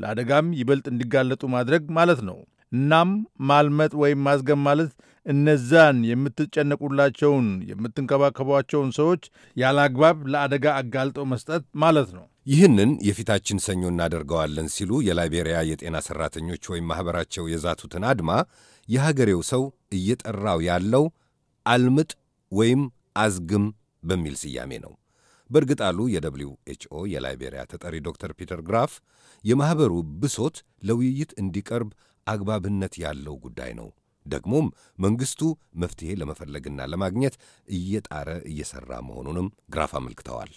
ለአደጋም ይበልጥ እንዲጋለጡ ማድረግ ማለት ነው። እናም ማልመጥ ወይም ማዝገም ማለት እነዛን የምትጨነቁላቸውን የምትንከባከቧቸውን ሰዎች ያለ አግባብ ለአደጋ አጋልጦ መስጠት ማለት ነው። ይህንን የፊታችን ሰኞ እናደርገዋለን ሲሉ የላይቤሪያ የጤና ሠራተኞች ወይም ማኅበራቸው የዛቱትን አድማ የሀገሬው ሰው እየጠራው ያለው አልምጥ ወይም አዝግም በሚል ስያሜ ነው። በእርግጥ አሉ የደብሊው ኤችኦ የላይቤሪያ ተጠሪ ዶክተር ፒተር ግራፍ የማኅበሩ ብሶት ለውይይት እንዲቀርብ አግባብነት ያለው ጉዳይ ነው። ደግሞም መንግሥቱ መፍትሔ ለመፈለግና ለማግኘት እየጣረ እየሠራ መሆኑንም ግራፍ አመልክተዋል።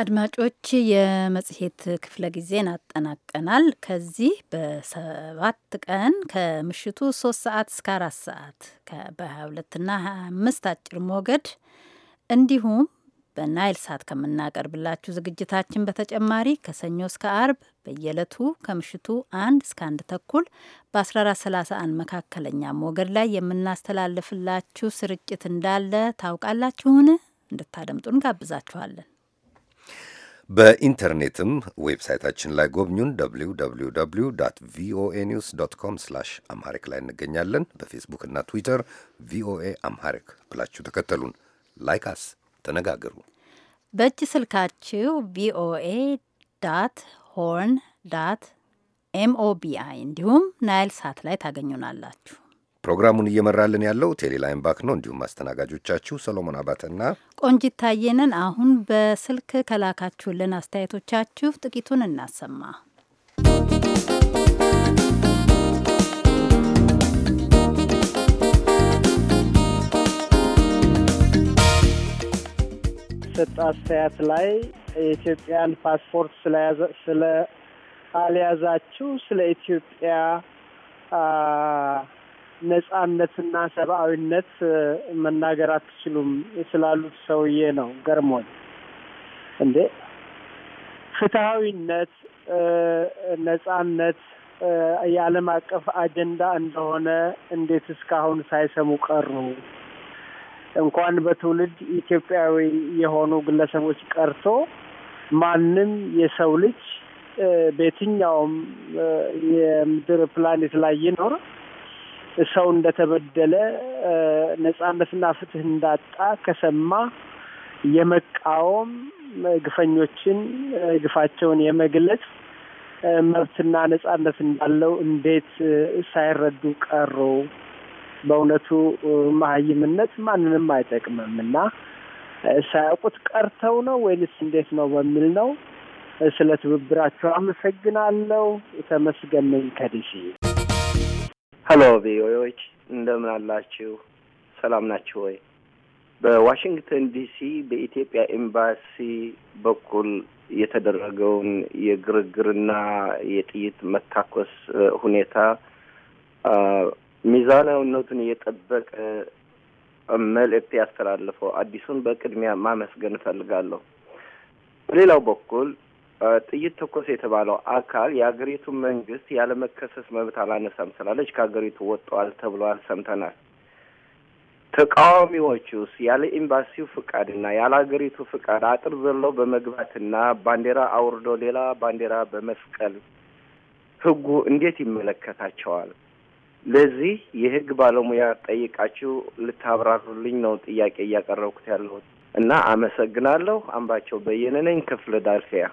አድማጮች የመጽሔት ክፍለ ጊዜን አጠናቀናል። ከዚህ በሰባት ቀን ከምሽቱ ሶስት ሰዓት እስከ አራት ሰዓት በሀያ ሁለትና ሀያ አምስት አጭር ሞገድ እንዲሁም በናይል ሳት ከምናቀርብላችሁ ዝግጅታችን በተጨማሪ ከሰኞ እስከ አርብ በየዕለቱ ከምሽቱ አንድ እስከ አንድ ተኩል በ1431 መካከለኛ ሞገድ ላይ የምናስተላልፍላችሁ ስርጭት እንዳለ ታውቃላችሁን? እንድታደምጡን ጋብዛችኋለን። በኢንተርኔትም ዌብሳይታችን ላይ ጎብኙን። www ቪኦኤ ኒውስ ዶት ኮም ስላሽ አምሃሪክ ላይ እንገኛለን። በፌስቡክ እና ትዊተር ቪኦኤ አምሃሪክ ብላችሁ ተከተሉን። ላይካስ ተነጋገሩ። በእጅ ስልካችሁ ቪኦኤ ዳት ሆርን ዳት ኤምኦቢአይ እንዲሁም ናይል ሳት ላይ ታገኙናላችሁ። ፕሮግራሙን እየመራልን ያለው ቴሌላይም ባክ ነው። እንዲሁም አስተናጋጆቻችሁ ሰሎሞን አባተና ቆንጂት ታየንን። አሁን በስልክ ከላካችሁልን አስተያየቶቻችሁ ጥቂቱን እናሰማ። ሰጥ አስተያየት ላይ የኢትዮጵያን ፓስፖርት ስለ አልያዛችሁ ስለ ኢትዮጵያ ነጻነትና ሰብአዊነት መናገር አትችሉም ስላሉት ሰውዬ ነው ገርሞን። እንዴ ፍትሐዊነት፣ ነጻነት የዓለም አቀፍ አጀንዳ እንደሆነ እንዴት እስካሁን ሳይሰሙ ቀሩ? እንኳን በትውልድ ኢትዮጵያዊ የሆኑ ግለሰቦች ቀርቶ ማንም የሰው ልጅ በየትኛውም የምድር ፕላኔት ላይ ይኖር ሰው እንደተበደለ ነጻነትና ፍትህ እንዳጣ ከሰማ የመቃወም ግፈኞችን ግፋቸውን የመግለጽ መብትና ነጻነት እንዳለው እንዴት ሳይረዱ ቀሩ? በእውነቱ መሀይምነት ማንንም አይጠቅምም እና ሳያውቁት ቀርተው ነው ወይንስ እንዴት ነው በሚል ነው። ስለ ትብብራቸው አመሰግናለሁ። ተመስገን ከዲሲ ሀሎ ቪኦኤዎች እንደምን አላችሁ? ሰላም ናችሁ ወይ? በዋሽንግተን ዲሲ በኢትዮጵያ ኤምባሲ በኩል የተደረገውን የግርግርና የጥይት መታኮስ ሁኔታ ሚዛናዊነቱን የጠበቀ መልእክት ያስተላልፈው አዲሱን በቅድሚያ ማመስገን እፈልጋለሁ። በሌላው በኩል ጥይት ተኮሰ የተባለው አካል የሀገሪቱ መንግስት ያለመከሰስ መብት አላነሳም ስላለች ከሀገሪቱ ወጥተዋል ተብለዋል ሰምተናል። ተቃዋሚዎቹስ ያለ ኤምባሲው ፍቃድና ያለ ሀገሪቱ ፍቃድ አጥር ዘለው በመግባትና ባንዲራ አውርዶ ሌላ ባንዲራ በመስቀል ህጉ እንዴት ይመለከታቸዋል? ለዚህ የህግ ባለሙያ ጠይቃችሁ ልታብራሩልኝ ነው ጥያቄ እያቀረብኩት ያለሁት እና አመሰግናለሁ። አምባቸው በየነ ነኝ ዳልፊያ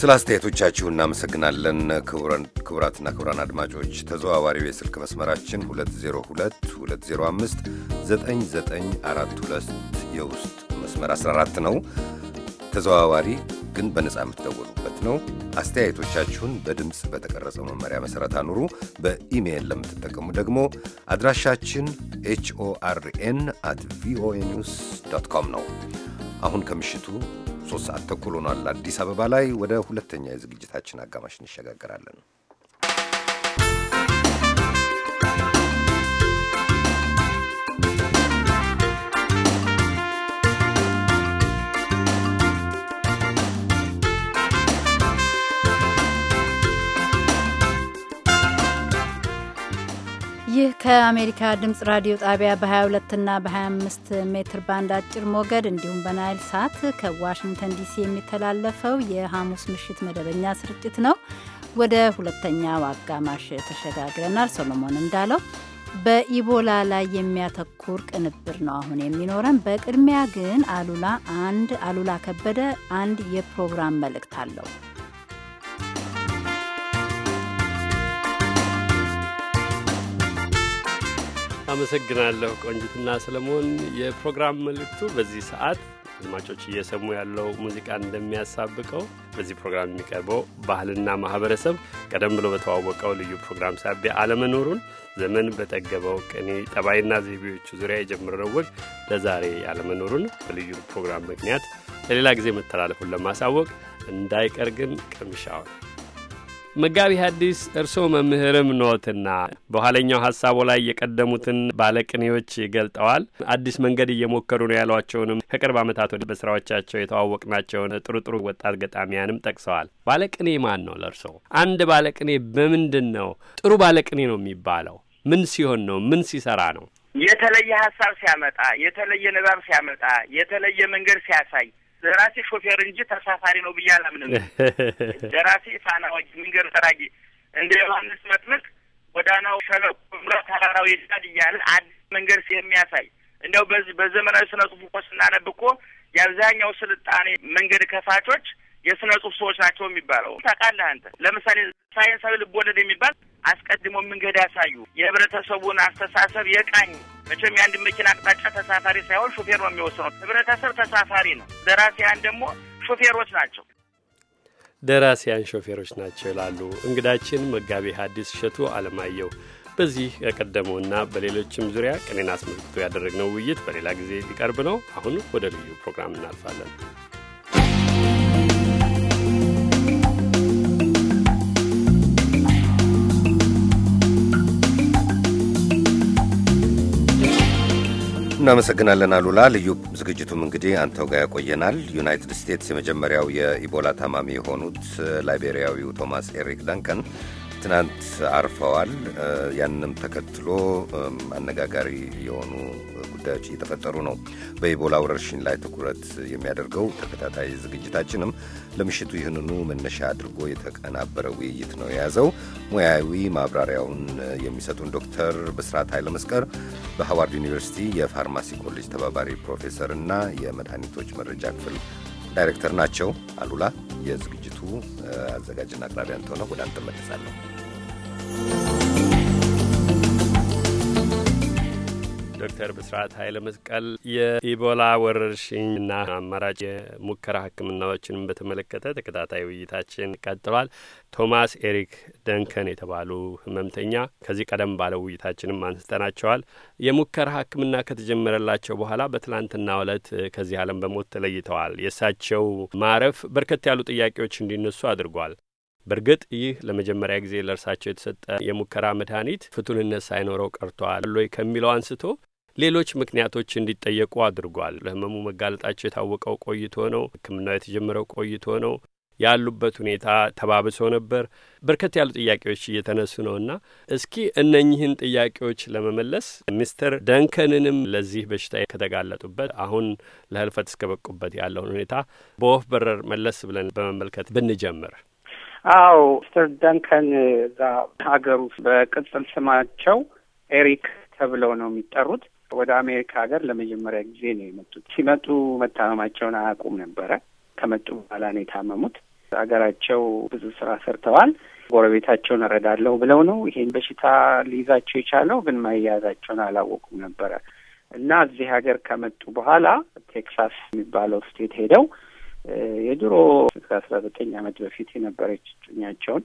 ስለ አስተያየቶቻችሁ እናመሰግናለን። ክቡራትና ክቡራን አድማጮች ተዘዋዋሪው የስልክ መስመራችን 2022059942 የውስጥ መስመር 14 ነው። ተዘዋዋሪ ግን በነጻ የምትደወሉበት ነው። አስተያየቶቻችሁን በድምፅ በተቀረጸው መመሪያ መሠረት አኑሩ። በኢሜይል ለምትጠቀሙ ደግሞ አድራሻችን ኤችኦአርኤን አት ቪኦኤ ኒውስ ዶት ኮም ነው። አሁን ከምሽቱ ሶስት ሰዓት ተኩል ሆኗል አዲስ አበባ ላይ። ወደ ሁለተኛ የዝግጅታችን አጋማሽ እንሸጋገራለን። ይህ ከአሜሪካ ድምፅ ራዲዮ ጣቢያ በ22 እና በ25 ሜትር ባንድ አጭር ሞገድ እንዲሁም በናይል ሳት ከዋሽንግተን ዲሲ የሚተላለፈው የሐሙስ ምሽት መደበኛ ስርጭት ነው። ወደ ሁለተኛው አጋማሽ ተሸጋግረናል። ሶሎሞን እንዳለው በኢቦላ ላይ የሚያተኩር ቅንብር ነው አሁን የሚኖረን። በቅድሚያ ግን አሉላ አንድ አሉላ ከበደ አንድ የፕሮግራም መልእክት አለው። አመሰግናለሁ ቆንጅትና ሰለሞን። የፕሮግራም መልእክቱ በዚህ ሰዓት አድማጮች እየሰሙ ያለው ሙዚቃ እንደሚያሳብቀው በዚህ ፕሮግራም የሚቀርበው ባህልና ማህበረሰብ ቀደም ብሎ በተዋወቀው ልዩ ፕሮግራም ሳቢያ አለመኖሩን ዘመን በጠገበው ቅኔ ጠባይና ዘይቤዎቹ ዙሪያ የጀመረው ወግ ለዛሬ አለመኖሩን በልዩ ፕሮግራም ምክንያት ለሌላ ጊዜ መተላለፉን ለማሳወቅ እንዳይቀር ግን ቅምሻውን መጋቢ ሐዲስ እርስዎ መምህርም ኖትና በኋለኛው ሀሳቡ ላይ የቀደሙትን ባለቅኔዎች ገልጠዋል። አዲስ መንገድ እየሞከሩ ነው ያሏቸውንም ከቅርብ ዓመታት ወዲህ በስራዎቻቸው የተዋወቅናቸውን ጥሩ ጥሩ ወጣት ገጣሚያንም ጠቅሰዋል። ባለቅኔ ማን ነው ለእርስዎ? አንድ ባለቅኔ በምንድን ነው ጥሩ ባለቅኔ ነው የሚባለው? ምን ሲሆን ነው? ምን ሲሰራ ነው? የተለየ ሀሳብ ሲያመጣ፣ የተለየ ንባብ ሲያመጣ፣ የተለየ መንገድ ሲያሳይ ለራሴ ሾፌር እንጂ ተሳፋሪ ነው ብዬ አላምንም። ለራሴ ፋናዎች ወጊ መንገድ ጠራጊ እንደ ዮሐንስ መጥምቅ ወዳናው ሸለቆ ምረ ተራራው ይዳድ እያለ አዲስ መንገድ የሚያሳይ እንደው በዚህ በዘመናዊ ስነ ጽሁፍ እኮ ስናነብ እኮ የአብዛኛው ስልጣኔ መንገድ ከፋቾች የስነ ጽሁፍ ሰዎች ናቸው የሚባለው ታውቃለህ አንተ። ለምሳሌ ሳይንሳዊ ልቦለድ የሚባል አስቀድሞ መንገድ ያሳዩ የህብረተሰቡን አስተሳሰብ የቃኝ መቼም የአንድ መኪና አቅጣጫ ተሳፋሪ ሳይሆን ሹፌር ነው የሚወስነው። ህብረተሰብ ተሳፋሪ ነው፣ ደራሲያን ደግሞ ሾፌሮች ናቸው። ደራሲያን ሾፌሮች ናቸው ይላሉ እንግዳችን መጋቤ ሐዲስ እሸቱ አለማየሁ። በዚህ የቀደመውና በሌሎችም ዙሪያ ቅኔን አስመልክቶ ያደረግነው ውይይት በሌላ ጊዜ ሊቀርብ ነው። አሁን ወደ ልዩ ፕሮግራም እናልፋለን። እናመሰግናለን አሉላ። ልዩ ዝግጅቱም እንግዲህ አንተው ጋር ያቆየናል። ዩናይትድ ስቴትስ የመጀመሪያው የኢቦላ ታማሚ የሆኑት ላይቤሪያዊው ቶማስ ኤሪክ ዳንከን ትናንት አርፈዋል። ያንም ተከትሎ አነጋጋሪ የሆኑ ጉዳዮች እየተፈጠሩ ነው። በኢቦላ ወረርሽኝ ላይ ትኩረት የሚያደርገው ተከታታይ ዝግጅታችንም ለምሽቱ ይህንኑ መነሻ አድርጎ የተቀናበረ ውይይት ነው የያዘው። ሙያዊ ማብራሪያውን የሚሰጡን ዶክተር ብስራት መስቀር በሃዋርድ ዩኒቨርሲቲ የፋርማሲ ኮሌጅ ተባባሪ ፕሮፌሰር እና የመድኃኒቶች መረጃ ክፍል ዳይሬክተር ናቸው። አሉላ የዝግጅት አዘጋጅና አቅራቢ አንተሆነ ወደ አንተ መለሳለሁ። ዶክተር ብስራት ኃይለ መስቀል የኢቦላ ወረርሽኝና አማራጭ የሙከራ ሕክምናዎችንም በተመለከተ ተከታታይ ውይይታችን ቀጥሏል። ቶማስ ኤሪክ ደንከን የተባሉ ህመምተኛ ከዚህ ቀደም ባለው ውይይታችንም አንስተናቸዋል። የሙከራ ሕክምና ከተጀመረላቸው በኋላ በትላንትናው ዕለት ከዚህ ዓለም በሞት ተለይተዋል። የእሳቸው ማረፍ በርከት ያሉ ጥያቄዎች እንዲነሱ አድርጓል። በእርግጥ ይህ ለመጀመሪያ ጊዜ ለእርሳቸው የተሰጠ የሙከራ መድኃኒት ፍቱንነት ሳይኖረው ቀርቷል ሎይ ከሚለው አንስቶ ሌሎች ምክንያቶች እንዲጠየቁ አድርጓል። ለህመሙ መጋለጣቸው የታወቀው ቆይቶ ነው። ሕክምናው የተጀመረው ቆይቶ ነው። ያሉበት ሁኔታ ተባብሶ ነበር። በርከት ያሉ ጥያቄዎች እየተነሱ ነውና እስኪ እነኚህን ጥያቄዎች ለመመለስ ሚስተር ደንከንንም ለዚህ በሽታ ከተጋለጡበት አሁን ለህልፈት እስከ በቁበት ያለውን ሁኔታ በወፍ በረር መለስ ብለን በመመልከት ብንጀምር። አዎ ሚስተር ደንከን እዛ ሀገር ውስጥ በቅጽል ስማቸው ኤሪክ ተብለው ነው የሚጠሩት። ወደ አሜሪካ ሀገር ለመጀመሪያ ጊዜ ነው የመጡት። ሲመጡ መታመማቸውን አያውቁም ነበረ። ከመጡ በኋላ ነው የታመሙት። ሀገራቸው ብዙ ስራ ሰርተዋል። ጎረቤታቸውን እረዳለሁ ብለው ነው ይሄን በሽታ ሊይዛቸው የቻለው፣ ግን መያዛቸውን አላወቁም ነበረ እና እዚህ ሀገር ከመጡ በኋላ ቴክሳስ የሚባለው ስቴት ሄደው የድሮ ከአስራ ዘጠኝ አመት በፊት የነበረች እጮኛቸውን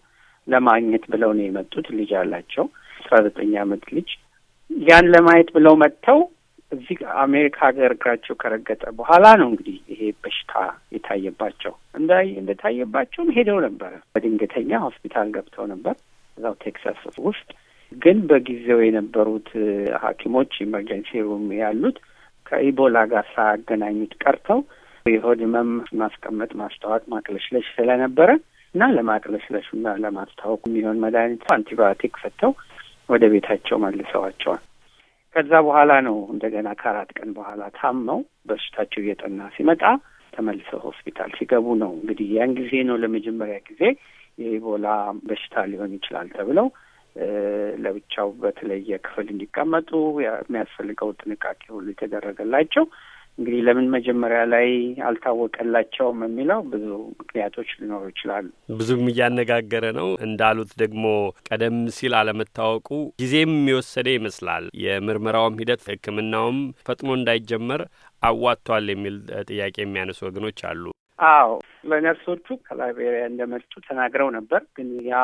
ለማግኘት ብለው ነው የመጡት። ልጅ አላቸው አስራ ዘጠኝ አመት ልጅ ያን ለማየት ብለው መጥተው እዚህ አሜሪካ ሀገር እግራቸው ከረገጠ በኋላ ነው እንግዲህ ይሄ በሽታ የታየባቸው። እንዳ እንደታየባቸውም ሄደው ነበረ በድንገተኛ ሆስፒታል ገብተው ነበር እዛው ቴክሳስ ውስጥ። ግን በጊዜው የነበሩት ሐኪሞች ኢመርጀንሲ ሩም ያሉት ከኢቦላ ጋር ሳያገናኙት ቀርተው የሆድ ህመም ማስቀመጥ፣ ማስታወቅ፣ ማቅለሽለሽ ስለነበረ እና ለማቅለሽለሹና ለማስታወቁ የሚሆን መድኃኒት አንቲባዮቲክ ፈተው ወደ ቤታቸው መልሰዋቸዋል። ከዛ በኋላ ነው እንደገና ከአራት ቀን በኋላ ታመው በሽታቸው እየጠና ሲመጣ ተመልሰው ሆስፒታል ሲገቡ ነው እንግዲህ ያን ጊዜ ነው ለመጀመሪያ ጊዜ የኢቦላ በሽታ ሊሆን ይችላል ተብለው ለብቻው በተለየ ክፍል እንዲቀመጡ የሚያስፈልገው ጥንቃቄ ሁሉ የተደረገላቸው እንግዲህ ለምን መጀመሪያ ላይ አልታወቀላቸውም የሚለው ብዙ ምክንያቶች ሊኖሩ ይችላሉ። ብዙም እያነጋገረ ነው። እንዳሉት ደግሞ ቀደም ሲል አለመታወቁ ጊዜም የወሰደ ይመስላል። የምርመራውም ሂደት ሕክምናውም ፈጥኖ እንዳይጀመር አዋጥቷል የሚል ጥያቄ የሚያነሱ ወገኖች አሉ። አዎ ለነርሶቹ ከላይቤሪያ እንደመጡ ተናግረው ነበር። ግን ያ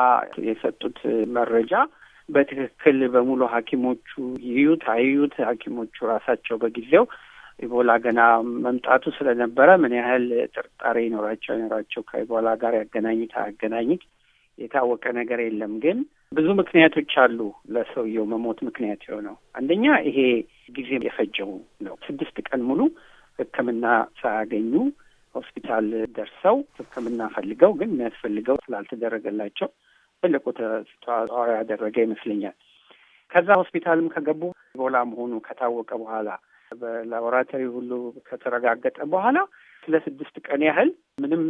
የሰጡት መረጃ በትክክል በሙሉ ሐኪሞቹ ይዩት አይዩት ሐኪሞቹ ራሳቸው በጊዜው ኢቦላ ገና መምጣቱ ስለነበረ ምን ያህል ጥርጣሬ ይኖራቸው አይኖራቸው ከኢቦላ ጋር ያገናኙት አያገናኙት የታወቀ ነገር የለም። ግን ብዙ ምክንያቶች አሉ ለሰውየው መሞት ምክንያት የሆነው አንደኛ ይሄ ጊዜ የፈጀው ነው። ስድስት ቀን ሙሉ ሕክምና ሳያገኙ ሆስፒታል ደርሰው ሕክምና ፈልገው ግን የሚያስፈልገው ስላልተደረገላቸው ትልቁ ተስተዋጽኦ ያደረገ ይመስለኛል። ከዛ ሆስፒታልም ከገቡ ኢቦላ መሆኑ ከታወቀ በኋላ በላቦራቶሪ ሁሉ ከተረጋገጠ በኋላ ስድስት ቀን ያህል ምንም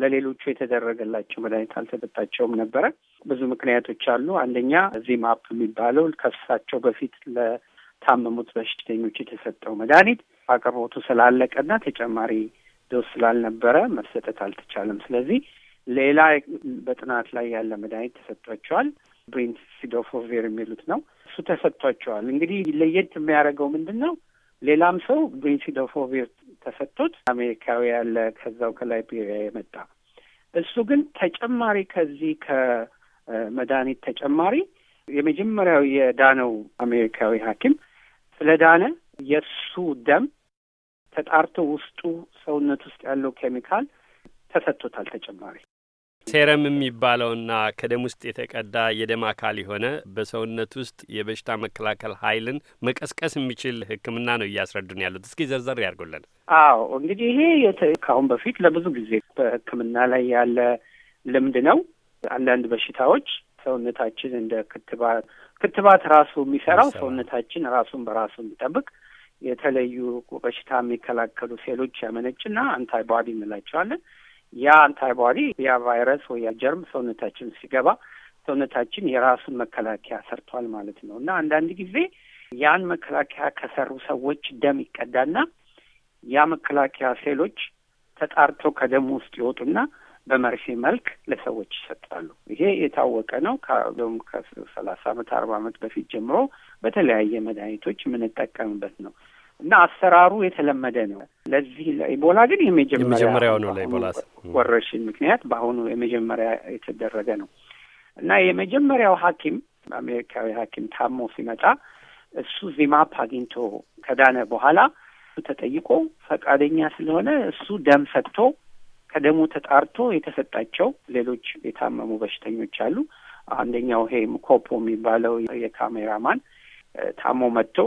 ለሌሎቹ የተደረገላቸው መድኃኒት አልተሰጣቸውም ነበረ። ብዙ ምክንያቶች አሉ። አንደኛ እዚህ ማፕ የሚባለው ከሳቸው በፊት ለታመሙት በሽተኞች የተሰጠው መድኃኒት አቅርቦቱ ስላለቀና ተጨማሪ ዶስ ስላልነበረ መሰጠት አልተቻለም። ስለዚህ ሌላ በጥናት ላይ ያለ መድኃኒት ተሰጥቷቸዋል። ብሬንሲዶፎቪር የሚሉት ነው። እሱ ተሰጥቷቸዋል። እንግዲህ ለየት የሚያደርገው ምንድን ነው? ሌላም ሰው ብሪንሲድ ኦፍ ኦቪር ተሰጥቶት አሜሪካዊ ያለ ከዛው ከላይቤሪያ የመጣ እሱ ግን ተጨማሪ ከዚህ ከመድኃኒት ተጨማሪ የመጀመሪያው የዳነው አሜሪካዊ ሐኪም ስለ ዳነ የእሱ ደም ተጣርቶ ውስጡ ሰውነት ውስጥ ያለው ኬሚካል ተሰጥቶታል ተጨማሪ ሴረም የሚባለውና ከደም ውስጥ የተቀዳ የደም አካል የሆነ በሰውነት ውስጥ የበሽታ መከላከል ኃይልን መቀስቀስ የሚችል ሕክምና ነው እያስረዱን ያሉት። እስኪ ዘርዘር ያድርጉልን። አዎ እንግዲህ ይሄ ከአሁን በፊት ለብዙ ጊዜ በሕክምና ላይ ያለ ልምድ ነው። አንዳንድ በሽታዎች ሰውነታችን እንደ ክትባት ክትባት ራሱ የሚሰራው ሰውነታችን ራሱን በራሱ የሚጠብቅ የተለዩ በሽታ የሚከላከሉ ሴሎች ያመነጭና ባዲ እንላቸዋለን ያ አንታይባዲ ያ ቫይረስ ወይ ያ ጀርም ሰውነታችን ሲገባ ሰውነታችን የራሱን መከላከያ ሰርቷል ማለት ነው እና አንዳንድ ጊዜ ያን መከላከያ ከሰሩ ሰዎች ደም ይቀዳና ያ መከላከያ ሴሎች ተጣርተው ከደም ውስጥ ይወጡና በመርፌ መልክ ለሰዎች ይሰጣሉ። ይሄ የታወቀ ነው። ከም ከሰላሳ አመት አርባ አመት በፊት ጀምሮ በተለያየ መድኃኒቶች የምንጠቀምበት ነው። እና አሰራሩ የተለመደ ነው። ለዚህ ለኢቦላ ግን የመጀመሪያው ነው። ለኢቦላ ወረርሽኝ ምክንያት በአሁኑ የመጀመሪያ የተደረገ ነው እና የመጀመሪያው ሐኪም አሜሪካዊ ሐኪም ታሞ ሲመጣ እሱ ዚማፕ አግኝቶ ከዳነ በኋላ ተጠይቆ ፈቃደኛ ስለሆነ እሱ ደም ሰጥቶ ከደሙ ተጣርቶ የተሰጣቸው ሌሎች የታመሙ በሽተኞች አሉ። አንደኛው ይሄ ኮፖ የሚባለው የካሜራማን ታሞ መጥቶ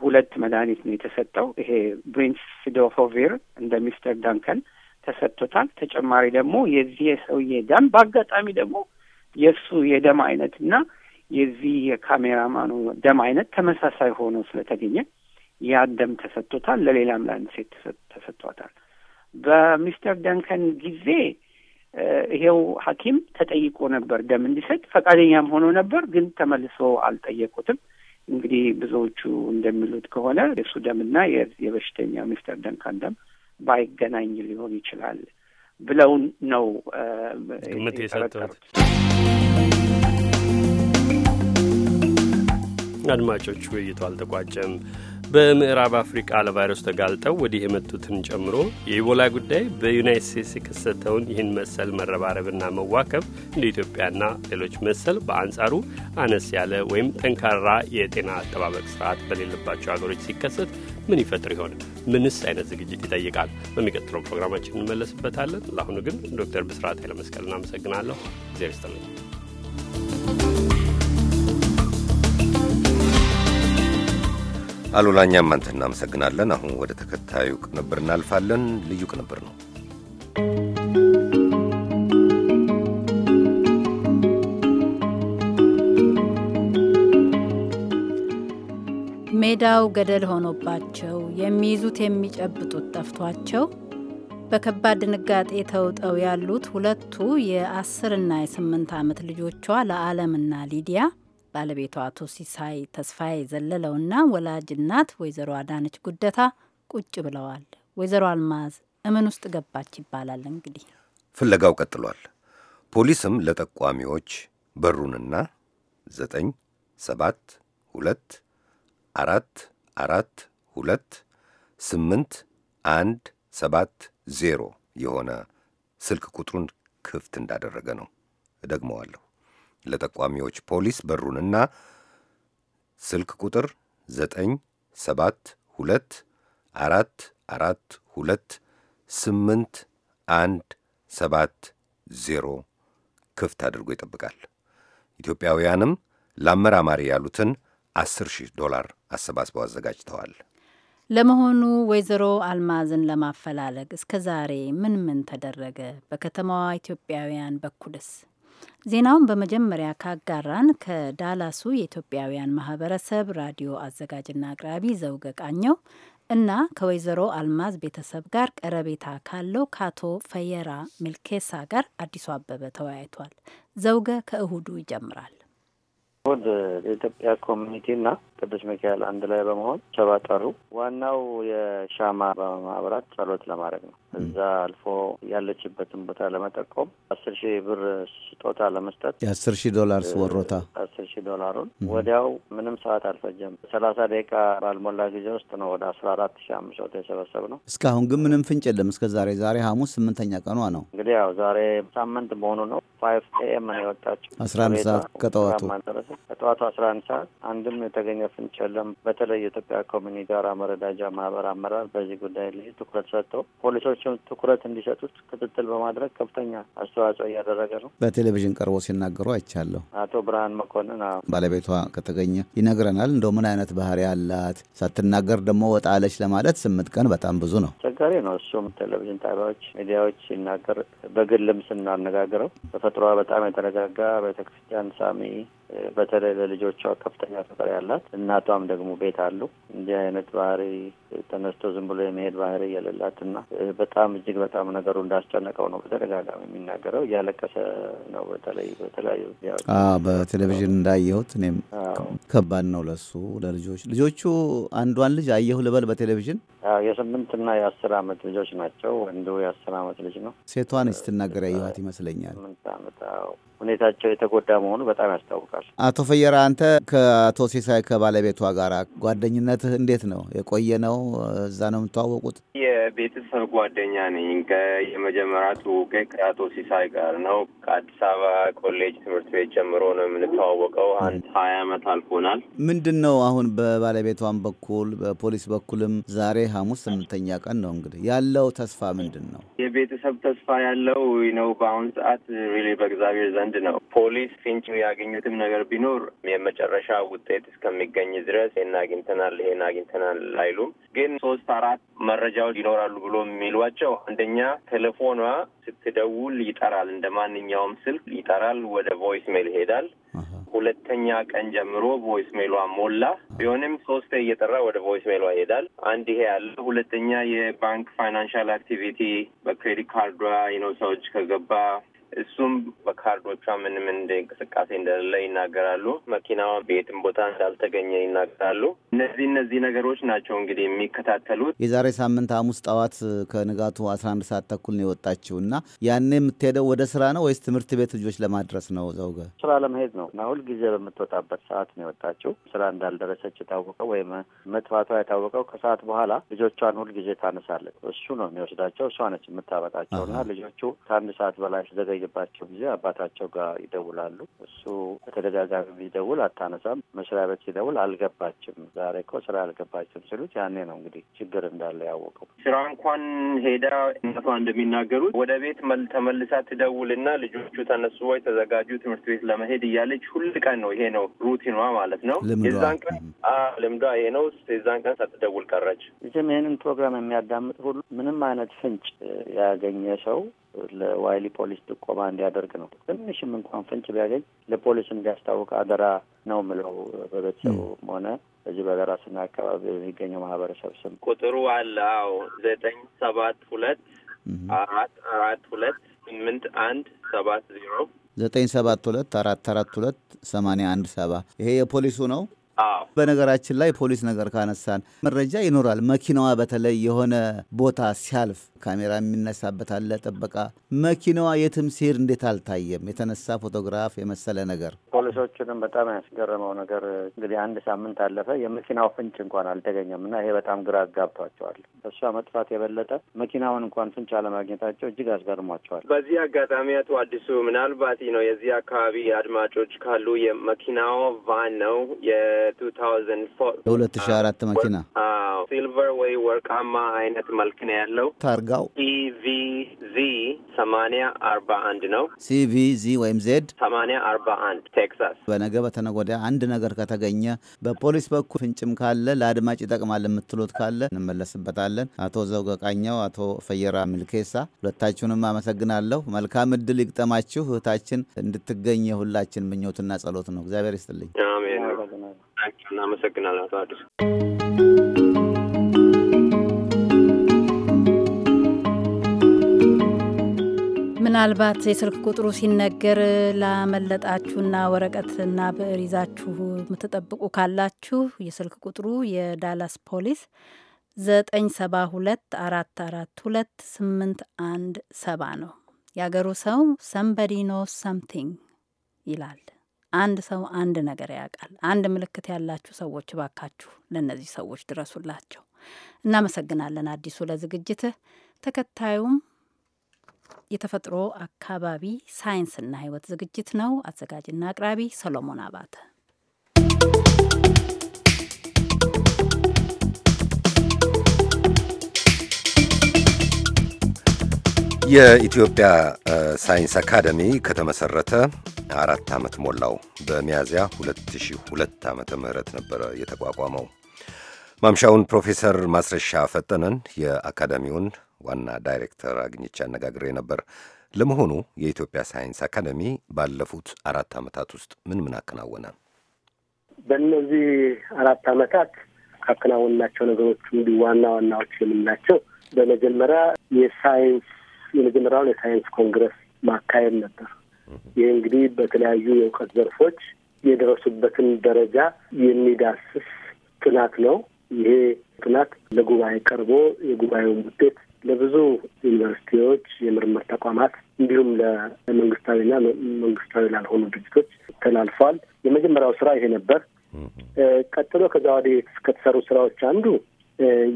ሁለት መድኃኒት ነው የተሰጠው። ይሄ ብሪንስዶፎቪር እንደ ሚስተር ዳንከን ተሰጥቶታል። ተጨማሪ ደግሞ የዚህ የሰውዬ ደም በአጋጣሚ ደግሞ የእሱ የደም አይነት እና የዚህ የካሜራማኑ ደም አይነት ተመሳሳይ ሆኖ ስለተገኘ ያ ደም ተሰጥቶታል። ለሌላም ለአንድ ሴት ተሰጥቷታል። በሚስተር ደንከን ጊዜ ይሄው ሐኪም ተጠይቆ ነበር ደም እንዲሰጥ ፈቃደኛም ሆኖ ነበር፣ ግን ተመልሶ አልጠየቁትም። እንግዲህ ብዙዎቹ እንደሚሉት ከሆነ ደምና የበሽተኛ ሚስተር ደንካን ደም ባይገናኝ ሊሆን ይችላል ብለው ነው ግምት የሰጠሁት። አድማጮች ውይይቱ አልተቋጨም። በምዕራብ አፍሪቃ ለቫይረሱ ተጋልጠው ወዲህ የመጡትን ጨምሮ የኢቦላ ጉዳይ በዩናይት ስቴትስ የከሰተውን ይህን መሰል መረባረብና መዋከብ እንደ ኢትዮጵያና ሌሎች መሰል በአንጻሩ አነስ ያለ ወይም ጠንካራ የጤና አጠባበቅ ስርዓት በሌለባቸው ሀገሮች ሲከሰት ምን ይፈጥር ይሆን? ምንስ አይነት ዝግጅት ይጠይቃል? በሚቀጥለው ፕሮግራማችን እንመለስበታለን። ለአሁኑ ግን ዶክተር ብስራት ኃይለመስቀል እናመሰግናለሁ። እግዚአብሔር ይስጥልኝ። አሉላ፣ እኛም አንተ እናመሰግናለን። አሁን ወደ ተከታዩ ቅንብር እናልፋለን። ልዩ ቅንብር ነው። ሜዳው ገደል ሆኖባቸው የሚይዙት የሚጨብጡት ጠፍቷቸው በከባድ ድንጋጤ ተውጠው ያሉት ሁለቱ የአስርና የስምንት ዓመት ልጆቿ ለዓለምና ሊዲያ ባለቤቷ አቶ ሲሳይ ተስፋዬ ዘለለውና ወላጅ እናት ወይዘሮ አዳነች ጉደታ ቁጭ ብለዋል። ወይዘሮ አልማዝ እምን ውስጥ ገባች ይባላል እንግዲህ። ፍለጋው ቀጥሏል። ፖሊስም ለጠቋሚዎች በሩንና ዘጠኝ ሰባት ሁለት አራት አራት ሁለት ስምንት አንድ ሰባት ዜሮ የሆነ ስልክ ቁጥሩን ክፍት እንዳደረገ ነው። እደግመዋለሁ ለጠቋሚዎች ፖሊስ በሩንና ስልክ ቁጥር 9 7 2 4 4 2 8 1 7 0 ክፍት አድርጎ ይጠብቃል። ኢትዮጵያውያንም ለአመራማሪ ያሉትን 10 ሺህ ዶላር አሰባስበው አዘጋጅተዋል። ለመሆኑ ወይዘሮ አልማዝን ለማፈላለግ እስከ ዛሬ ምን ምን ተደረገ? በከተማዋ ኢትዮጵያውያን በኩልስ ዜናውን በመጀመሪያ ካጋራን ከዳላሱ የኢትዮጵያውያን ማህበረሰብ ራዲዮ አዘጋጅና አቅራቢ ዘውገ ቃኘው እና ከወይዘሮ አልማዝ ቤተሰብ ጋር ቀረቤታ ካለው ከአቶ ፈየራ ሚልኬሳ ጋር አዲሱ አበበ ተወያይቷል። ዘውገ ከእሁዱ ይጀምራል። ወደ የኢትዮጵያ ኮሚኒቲና ቅዱስ ሚካኤል አንድ ላይ በመሆን ሰባ ጠሩ። ዋናው የሻማ በማብራት ጸሎት ለማድረግ ነው። እዛ አልፎ ያለችበትን ቦታ ለመጠቆም አስር ሺህ ብር ስጦታ ለመስጠት የአስር ሺህ ዶላር ስወሮታ አስር ሺህ ዶላሩን ወዲያው ምንም ሰዓት አልፈጀም። ሰላሳ ደቂቃ ባልሞላ ጊዜ ውስጥ ነው ወደ አስራ አራት ሺህ አምስት መቶ የሰበሰብ ነው። እስካሁን ግን ምንም ፍንጭ የለም። እስከ ዛሬ ዛሬ ሐሙስ ስምንተኛ ቀኗ ነው። እንግዲህ ያው ዛሬ ሳምንት መሆኑ ነው። ፋይቭ ኤኤም ነው የወጣችው። አስራ አንድ ሰዓት ከጠዋቱ ከጠዋቱ አስራ አንድ ሰዓት አንድም የተገኘ ፍንጭ የለም። በተለይ የኢትዮጵያ ኮሚኒ ጋራ መረዳጃ ማህበር አመራር በዚህ ጉዳይ ላይ ትኩረት ሰጥተው ፖሊሶችም ትኩረት እንዲሰጡት ክትትል በማድረግ ከፍተኛ አስተዋጽኦ እያደረገ ነው። በቴሌቪዥን ቀርቦ ሲናገሩ አይቻለሁ። አቶ ብርሃን መኮንን ባለቤቷ ከተገኘ ይነግረናል። እንደው ምን አይነት ባህሪ አላት ሳትናገር ደግሞ ወጣለች ለማለት ስምንት ቀን በጣም ብዙ ነው። አስቸጋሪ ነው። እሱም ቴሌቪዥን ጣቢያዎች፣ ሚዲያዎች ሲናገር በግልም ስናነጋግረው ተፈጥሯ በጣም የተረጋጋ ቤተክርስቲያን ሳሚ በተለይ ለልጆቿ ከፍተኛ ፍቅር ያላት እናቷም ደግሞ ቤት አሉ። እንዲህ አይነት ባህሪ ተነስቶ ዝም ብሎ የመሄድ ባህሪ የሌላት እና በጣም እጅግ በጣም ነገሩ እንዳስጨነቀው ነው በተደጋጋሚ የሚናገረው። እያለቀሰ ነው በተለይ በተለያዩ በቴሌቪዥን እንዳየሁት። እኔም ከባድ ነው ለሱ ለልጆች። ልጆቹ አንዷን ልጅ አየሁ ልበል በቴሌቪዥን የስምንት የአስር አመት ልጆች ናቸው። ወንዱ የአስር አመት ልጅ ነው። ሴቷን ስትናገር ያየኋት ይመስለኛል። ስምንት አመት ሁኔታቸው የተጎዳ መሆኑ በጣም ያስታውቃል። ይኖራል። አቶ ፈየራ አንተ ከአቶ ሲሳይ ከባለቤቷ ጋር ጓደኝነትህ እንዴት ነው? የቆየ ነው? እዛ ነው የምተዋወቁት? የቤተሰብ ጓደኛ ነኝ። የመጀመሪያ ከአቶ ሲሳይ ጋር ነው። ከአዲስ አበባ ኮሌጅ ትምህርት ቤት ጀምሮ ነው የምንተዋወቀው። አንድ ሀያ አመት አልፎናል። ምንድን ነው አሁን በባለቤቷን በኩል በፖሊስ በኩልም ዛሬ ሐሙስ ስምንተኛ ቀን ነው እንግዲህ ያለው ተስፋ ምንድን ነው? የቤተሰብ ተስፋ ያለው ነው በአሁኑ ሰዓት ሪሊ በእግዚአብሔር ዘንድ ነው። ፖሊስ ፊንጭ ያገኙትም ነው ነገር ቢኖር የመጨረሻ ውጤት እስከሚገኝ ድረስ ይሄን አግኝተናል፣ ይሄን አግኝተናል አይሉም። ግን ሶስት አራት መረጃዎች ይኖራሉ ብሎ የሚሏቸው አንደኛ ቴሌፎኗ ስትደውል ይጠራል፣ እንደ ማንኛውም ስልክ ይጠራል፣ ወደ ቮይስ ሜል ይሄዳል። ሁለተኛ ቀን ጀምሮ ቮይስ ሜሏ ሞላ ቢሆንም ሶስት እየጠራ ወደ ቮይስ ሜሏ ይሄዳል። አንድ ይሄ ያለ። ሁለተኛ የባንክ ፋይናንሻል አክቲቪቲ በክሬዲት ካርዷ ነው ሰዎች ከገባ እሱም በካርዶቿ ምንም እንደ እንቅስቃሴ እንደሌለ ይናገራሉ። መኪናዋ ቤትም ቦታ እንዳልተገኘ ይናገራሉ። እነዚህ እነዚህ ነገሮች ናቸው እንግዲህ የሚከታተሉት። የዛሬ ሳምንት ሐሙስ ጠዋት ከንጋቱ አስራ አንድ ሰዓት ተኩል ነው የወጣችው እና ያኔ የምትሄደው ወደ ስራ ነው ወይስ ትምህርት ቤት ልጆች ለማድረስ ነው? ዘውገ ስራ ለመሄድ ነው እና ሁልጊዜ በምትወጣበት ሰዓት ነው የወጣችው። ስራ እንዳልደረሰች የታወቀው ወይም መጥፋቷ የታወቀው ከሰዓት በኋላ ልጆቿን ሁልጊዜ ታነሳለች። እሱ ነው የሚወስዳቸው፣ እሷ ነች የምታበጣቸው እና ልጆቹ ከአንድ ሰዓት በላይ ዘገ በሚዘገይባቸው ጊዜ አባታቸው ጋር ይደውላሉ። እሱ በተደጋጋሚ ቢደውል አታነሳም፣ መስሪያ ቤት ሲደውል አልገባችም፣ ዛሬ እኮ ስራ አልገባችም ሲሉት ያኔ ነው እንግዲህ ችግር እንዳለ ያወቀው። ስራ እንኳን ሄዳ እናቷ እንደሚናገሩት ወደ ቤት ተመልሳ ትደውልና ልጆቹ ተነሱ ወይ ተዘጋጁ ትምህርት ቤት ለመሄድ እያለች ሁል ቀን ነው ይሄ ነው ሩቲኗ ማለት ነው። የዛን ቀን ልምዷ ይሄ ነው። የዛን ቀን ሳትደውል ቀረች። ይህም ይህንን ፕሮግራም የሚያዳምጥ ሁሉ ምንም አይነት ፍንጭ ያገኘ ሰው ለዋይሊ ፖሊስ ጥቆማ እንዲያደርግ ነው። ትንሽም እንኳን ፍንጭ ቢያገኝ ለፖሊስ እንዲያስታውቅ አደራ ነው ምለው በቤተሰቡም ሆነ እዚህ በደራስና አካባቢ የሚገኘው ማህበረሰብ ስም ቁጥሩ አለ። አዎ ዘጠኝ ሰባት ሁለት አራት አራት ሁለት ስምንት አንድ ሰባት ዜሮ ዘጠኝ ሰባት ሁለት አራት አራት ሁለት ሰማንያ አንድ ሰባ ይሄ የፖሊሱ ነው። በነገራችን ላይ ፖሊስ ነገር ካነሳን መረጃ ይኖራል። መኪናዋ በተለይ የሆነ ቦታ ሲያልፍ ካሜራ የሚነሳበት አለ፣ ጥበቃ። መኪናዋ የትም ሲሄድ እንዴት አልታየም? የተነሳ ፎቶግራፍ የመሰለ ነገር ፖሊሶችንም በጣም ያስገረመው ነገር እንግዲህ አንድ ሳምንት አለፈ፣ የመኪናው ፍንጭ እንኳን አልተገኘም እና ይሄ በጣም ግራ አጋብቷቸዋል። በእሷ መጥፋት የበለጠ መኪናውን እንኳን ፍንጭ አለማግኘታቸው እጅግ አስገርሟቸዋል። በዚህ አጋጣሚ አቶ አዲሱ ምናልባት ነው የዚህ አካባቢ አድማጮች ካሉ የመኪናው ቫን ነው የሁለት ሺህ አራት መኪና ሲልቨር ወይ ወርቃማ አይነት መልክ ነው ያለው። ታርጋው ሲቪዚ e ሰማንያ አርባ አንድ ነው። ሲቪዚ ወይም ዜድ ሰማንያ አርባ አንድ ቴክሳስ። በነገ በተነገ ወዲያ አንድ ነገር ከተገኘ በፖሊስ በኩል ፍንጭም ካለ ለአድማጭ ይጠቅማል የምትሉት ካለ እንመለስበታለን። አቶ ዘውገቃኛው፣ አቶ ፈየራ ሚልኬሳ ሁለታችሁንም አመሰግናለሁ። መልካም እድል ይግጠማችሁ። እህታችን እንድትገኝ የሁላችን ምኞትና ጸሎት ነው። እግዚአብሔር ይስጥልኝ። አሜን። ናቸው። እናመሰግናለን አቶ አዲሱ። ምናልባት የስልክ ቁጥሩ ሲነገር ላመለጣችሁና ወረቀትና ብዕር ይዛችሁ የምትጠብቁ ካላችሁ የስልክ ቁጥሩ የዳላስ ፖሊስ ዘጠኝ ሰባ ሁለት አራት አራት ሁለት ስምንት አንድ ሰባ ነው። የአገሩ ሰው ሰምበዲ ኖ ሰምቲንግ ይላል። አንድ ሰው አንድ ነገር ያውቃል። አንድ ምልክት ያላችሁ ሰዎች ባካችሁ ለእነዚህ ሰዎች ድረሱላቸው። እናመሰግናለን አዲሱ ለዝግጅትህ። ተከታዩም የተፈጥሮ አካባቢ ሳይንስና ሕይወት ዝግጅት ነው። አዘጋጅና አቅራቢ ሰሎሞን አባተ። የኢትዮጵያ ሳይንስ አካደሚ ከተመሰረተ አራት ዓመት ሞላው። በሚያዝያ 2002 ዓ ም ነበረ የተቋቋመው። ማምሻውን ፕሮፌሰር ማስረሻ ፈጠነን የአካዳሚውን ዋና ዳይሬክተር አግኝቼ አነጋግሬ ነበር። ለመሆኑ የኢትዮጵያ ሳይንስ አካደሚ ባለፉት አራት ዓመታት ውስጥ ምን ምን አከናወነ? በእነዚህ አራት ዓመታት ካከናወንናቸው ነገሮች እንዲህ ዋና ዋናዎች የምንላቸው በመጀመሪያ የሳይንስ የመጀመሪያውን የሳይንስ ኮንግረስ ማካሄድ ነበር። ይህ እንግዲህ በተለያዩ የእውቀት ዘርፎች የደረሱበትን ደረጃ የሚዳስስ ጥናት ነው። ይሄ ጥናት ለጉባኤ ቀርቦ የጉባኤውን ውጤት ለብዙ ዩኒቨርሲቲዎች፣ የምርምር ተቋማት እንዲሁም ለመንግስታዊና መንግስታዊ ላልሆኑ ድርጅቶች ተላልፏል። የመጀመሪያው ስራ ይሄ ነበር። ቀጥሎ ከዛ ወዲህ ከተሰሩ ስራዎች አንዱ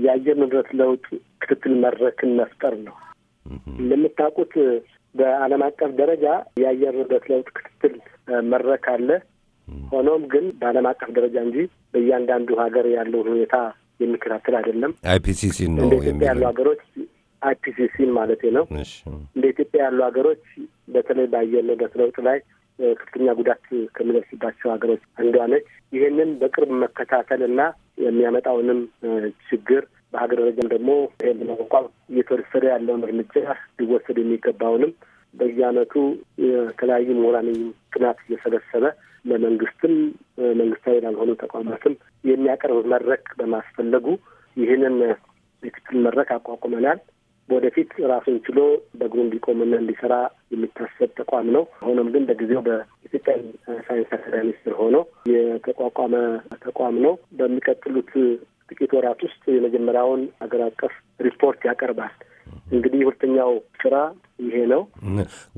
የአየር ንብረት ለውጥ ክትትል መድረክን መፍጠር ነው። እንደምታውቁት በዓለም አቀፍ ደረጃ የአየር ንብረት ለውጥ ክትትል መድረክ አለ። ሆኖም ግን በዓለም አቀፍ ደረጃ እንጂ በእያንዳንዱ ሀገር ያለውን ሁኔታ የሚከታተል አይደለም። አይፒሲሲ ነው እንደ ኢትዮጵያ ያሉ ሀገሮች አይፒሲሲን ማለት ነው። እንደ ኢትዮጵያ ያሉ ሀገሮች በተለይ በአየር ንብረት ለውጥ ላይ ከፍተኛ ጉዳት ከሚደርስባቸው ሀገሮች አንዷ ነች። ይህንን በቅርብ መከታተል እና የሚያመጣውንም ችግር በሀገር ደረጃም ደግሞ ይህን ለመቋቋም እየተወሰደ ያለውን እርምጃ ሊወሰድ የሚገባውንም በየዓመቱ የተለያዩ ምሁራን ጥናት እየሰበሰበ ለመንግስትም መንግስታዊ ላልሆኑ ተቋማትም የሚያቀርብ መድረክ በማስፈለጉ ይህንን የክትል መድረክ አቋቁመናል። ወደፊት ራሱን ችሎ በእግሩ እንዲቆምና እንዲሰራ የሚታሰብ ተቋም ነው። ሆኖም ግን በጊዜው በኢትዮጵያ ሳይንስ አካዳሚ ስር ሆኖ የተቋቋመ ተቋም ነው። በሚቀጥሉት ጥቂት ወራት ውስጥ የመጀመሪያውን ሀገር አቀፍ ሪፖርት ያቀርባል። እንግዲህ ሁለተኛው ስራ ይሄ ነው።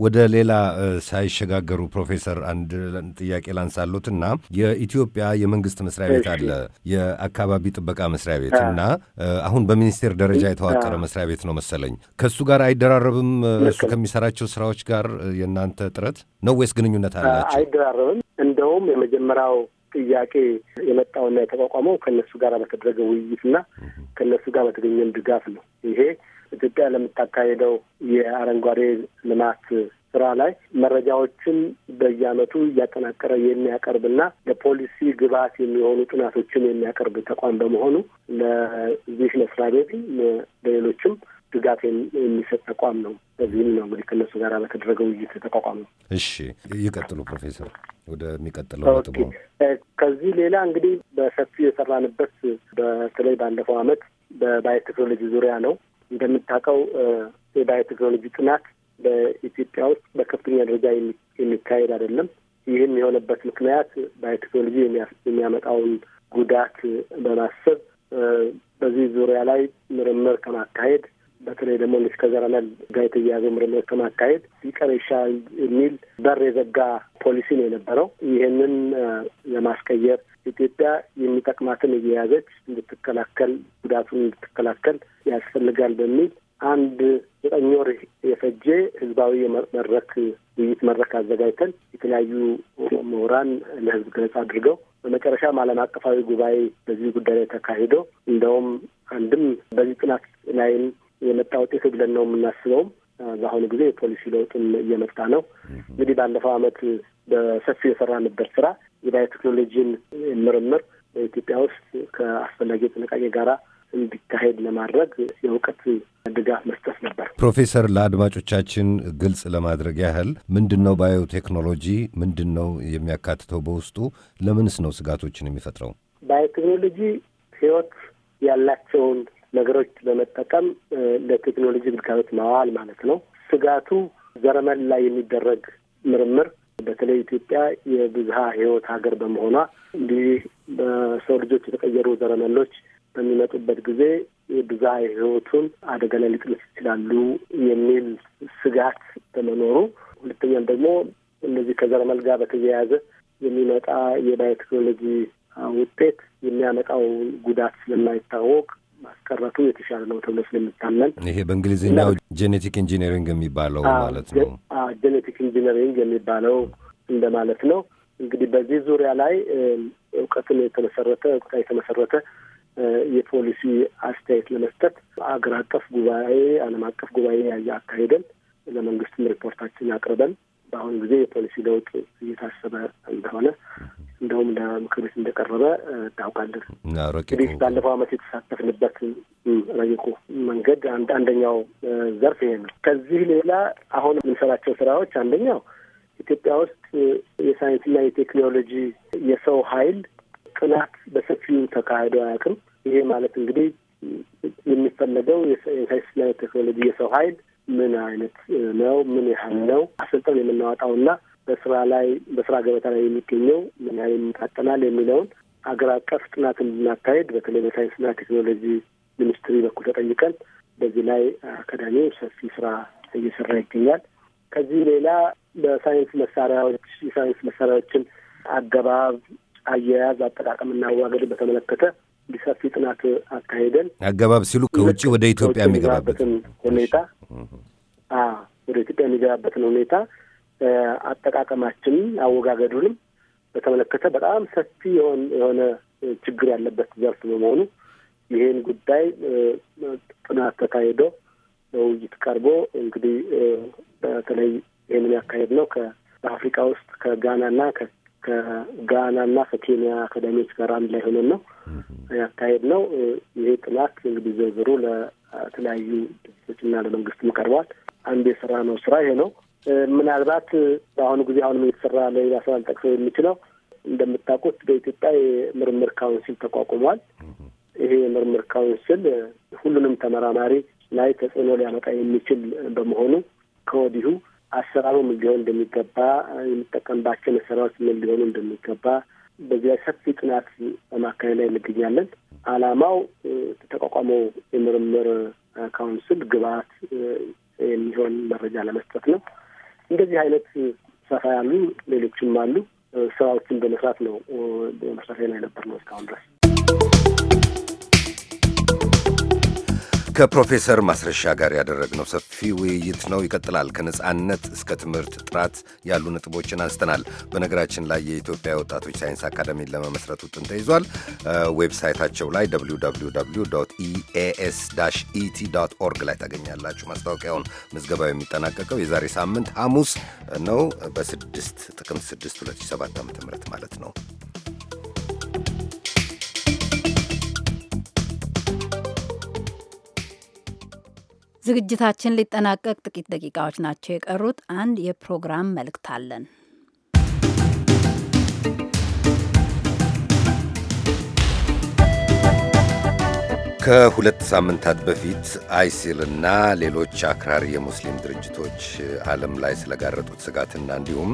ወደ ሌላ ሳይሸጋገሩ ፕሮፌሰር አንድ ጥያቄ ላንሳሉት እና የኢትዮጵያ የመንግስት መስሪያ ቤት አለ፣ የአካባቢ ጥበቃ መስሪያ ቤት እና አሁን በሚኒስቴር ደረጃ የተዋቀረ መስሪያ ቤት ነው መሰለኝ። ከእሱ ጋር አይደራረብም? እሱ ከሚሰራቸው ስራዎች ጋር የእናንተ ጥረት ነው ወይስ ግንኙነት አላቸው? አይደራረብም። እንደውም የመጀመሪያው ጥያቄ የመጣውና የተቋቋመው ከእነሱ ጋር በተደረገ ውይይትና ከእነሱ ጋር በተገኘም ድጋፍ ነው። ይሄ ኢትዮጵያ ለምታካሄደው የአረንጓዴ ልማት ስራ ላይ መረጃዎችን በየዓመቱ እያጠናቀረ የሚያቀርብና ለፖሊሲ ግብዓት የሚሆኑ ጥናቶችን የሚያቀርብ ተቋም በመሆኑ ለዚህ መስሪያ ቤት ለሌሎችም ድጋፍ የሚሰጥ ተቋም ነው። በዚህም ነው እንግዲህ ከነሱ ጋር በተደረገ ውይይት ተቋቋም ነው። እሺ ይቀጥሉ ፕሮፌሰር፣ ወደሚቀጥለው ከዚህ ሌላ እንግዲህ በሰፊው የሰራንበት በተለይ ባለፈው አመት በባዮቴክኖሎጂ ዙሪያ ነው። እንደምታውቀው የባዮቴክኖሎጂ ጥናት በኢትዮጵያ ውስጥ በከፍተኛ ደረጃ የሚካሄድ አይደለም። ይህም የሆነበት ምክንያት ባዮቴክኖሎጂ የሚያመጣውን ጉዳት በማሰብ በዚህ ዙሪያ ላይ ምርምር ከማካሄድ በተለይ ደግሞ እስከ ዘረመል ጋር የተያያዘ ምርምር ከማካሄድ ቢቀር ይሻላል የሚል በር የዘጋ ፖሊሲ ነው የነበረው። ይህንን ለማስቀየር ኢትዮጵያ የሚጠቅማትን እየያዘች እንድትከላከል፣ ጉዳቱን እንድትከላከል ያስፈልጋል በሚል አንድ ዘጠኝ ወር የፈጀ ህዝባዊ መድረክ ውይይት መድረክ አዘጋጅተን የተለያዩ ምሁራን ለህዝብ ገለጽ አድርገው በመጨረሻም ዓለም አቀፋዊ ጉባኤ በዚህ ጉዳይ ላይ ተካሂዶ እንደውም አንድም በዚህ ጥናት ላይም የመጣ ውጤት ብለን ነው የምናስበውም። በአሁኑ ጊዜ የፖሊሲ ለውጥም እየመጣ ነው። እንግዲህ ባለፈው ዓመት በሰፊው የሰራንበት ስራ የባዮ ቴክኖሎጂን ምርምር በኢትዮጵያ ውስጥ ከአስፈላጊ ጥንቃቄ ጋራ እንዲካሄድ ለማድረግ የእውቀት ድጋፍ መስጠት ነበር። ፕሮፌሰር፣ ለአድማጮቻችን ግልጽ ለማድረግ ያህል ምንድን ነው ባዮቴክኖሎጂ? ምንድን ነው የሚያካትተው? በውስጡ ለምንስ ነው ስጋቶችን የሚፈጥረው? ባዮቴክኖሎጂ ህይወት ያላቸውን ነገሮች በመጠቀም ለቴክኖሎጂ ግልጋሎት ማዋል ማለት ነው። ስጋቱ ዘረመል ላይ የሚደረግ ምርምር በተለይ ኢትዮጵያ የብዝሃ ህይወት ሀገር በመሆኗ እንዲህ በሰው ልጆች የተቀየሩ ዘረመሎች በሚመጡበት ጊዜ የብዝሃ ህይወቱን አደጋ ላይ ሊጥሉት ይችላሉ የሚል ስጋት በመኖሩ፣ ሁለተኛም ደግሞ እነዚህ ከዘረመል ጋር በተያያዘ የሚመጣ የባዮቴክኖሎጂ ውጤት የሚያመጣው ጉዳት ስለማይታወቅ ማስቀረቱ የተሻለ ነው ተብሎ ስለሚታመን ይሄ በእንግሊዝኛው ጄኔቲክ ኢንጂነሪንግ የሚባለው ማለት ነው። ጄኔቲክ ኢንጂነሪንግ የሚባለው እንደማለት ነው። እንግዲህ በዚህ ዙሪያ ላይ እውቀትን የተመሰረተ እውቅታ የተመሰረተ የፖሊሲ አስተያየት ለመስጠት አገር አቀፍ ጉባኤ፣ ዓለም አቀፍ ጉባኤ ያየ አካሄደን ለመንግስትም ሪፖርታችን አቅርበን በአሁኑ ጊዜ የፖሊሲ ለውጥ እየታሰበ እንደሆነ እንደውም ለምክር ቤት እንደቀረበ ታውቃለን። እንግዲህ ባለፈው ዓመት የተሳተፍንበት ረቂቁ መንገድ አንደኛው ዘርፍ ይሄ ነው። ከዚህ ሌላ አሁን የምንሰራቸው ስራዎች አንደኛው ኢትዮጵያ ውስጥ የሳይንስና የቴክኖሎጂ የሰው ኃይል ጥናት በሰፊው ተካሂዶ አያውቅም። ይሄ ማለት እንግዲህ የሚፈለገው የሳይንስና የቴክኖሎጂ የሰው ኃይል ምን አይነት ነው? ምን ያህል ነው? አሰልጠን የምናወጣው እና በስራ ላይ በስራ ገበታ ላይ የሚገኘው ምን ያህል የሚጣጠናል የሚለውን ሀገር አቀፍ ጥናት እንድናካሄድ በተለይ በሳይንስና ቴክኖሎጂ ሚኒስትሪ በኩል ተጠይቀን በዚህ ላይ አካዳሚው ሰፊ ስራ እየሰራ ይገኛል። ከዚህ ሌላ በሳይንስ መሳሪያዎች የሳይንስ መሳሪያዎችን አገባብ፣ አያያዝ፣ አጠቃቀምና አዋገድን በተመለከተ ሰፊ ጥናት አካሄደን አገባብ ሲሉ ከውጭ ወደ ኢትዮጵያ የሚገባበትን ሁኔታ ወደ ኢትዮጵያ የሚገባበትን ሁኔታ አጠቃቀማችንን አወጋገዱንም በተመለከተ በጣም ሰፊ የሆነ ችግር ያለበት ዘርፍ በመሆኑ ይህን ጉዳይ ጥናት ተካሂዶ ውይይት ቀርቦ እንግዲህ በተለይ ይህንን ያካሄድ ነው በአፍሪካ ውስጥ ከጋናና ከጋናና ከኬንያ አካዳሚዎች ጋር አንድ ላይ ሆነን ነው ያካሄድ ነው። ይሄ ጥናት እንግዲህ ዝርዝሩ ለተለያዩ ድርጅቶችና ለመንግስትም ቀርቧል። አንዱ የስራ ነው ስራ ይሄ ነው። ምናልባት በአሁኑ ጊዜ አሁንም የተሰራ ለሌላ ስራ ልጠቅሰው የሚችለው እንደምታውቁት በኢትዮጵያ የምርምር ካውንስል ተቋቁሟል። ይሄ የምርምር ካውንስል ሁሉንም ተመራማሪ ላይ ተጽዕኖ ሊያመጣ የሚችል በመሆኑ ከወዲሁ አሰራሩ ምን ሊሆን እንደሚገባ የሚጠቀምባቸው መሰሪያዎች ምን ሊሆኑ እንደሚገባ በዚህ ላይ ሰፊ ጥናት በማካሄድ ላይ እንገኛለን። ዓላማው የተቋቋመው የምርምር ካውንስል ግብዓት የሚሆን መረጃ ለመስጠት ነው። እንደዚህ አይነት ሰፋ ያሉ ሌሎችም አሉ ስራዎችን በመስራት ነው መስራት ላይ ነበር ነው እስካሁን ድረስ ከፕሮፌሰር ማስረሻ ጋር ያደረግነው ሰፊ ውይይት ነው፣ ይቀጥላል። ከነጻነት እስከ ትምህርት ጥራት ያሉ ነጥቦችን አንስተናል። በነገራችን ላይ የኢትዮጵያ ወጣቶች ሳይንስ አካዳሚን ለመመስረቱ ጥንተ ይዟል። ዌብሳይታቸው ላይ ኢኤኤስ ኢቲ ኦርግ ላይ ታገኛላችሁ። ማስታወቂያውን ምዝገባው የሚጠናቀቀው የዛሬ ሳምንት ሐሙስ ነው በ6 ጥቅምት 6 2007 ዓ ም ማለት ነው። ዝግጅታችን ሊጠናቀቅ ጥቂት ደቂቃዎች ናቸው የቀሩት። አንድ የፕሮግራም መልእክት አለን። ከሁለት ሳምንታት በፊት አይሲልና ሌሎች አክራሪ የሙስሊም ድርጅቶች ዓለም ላይ ስለጋረጡት ስጋትና እንዲሁም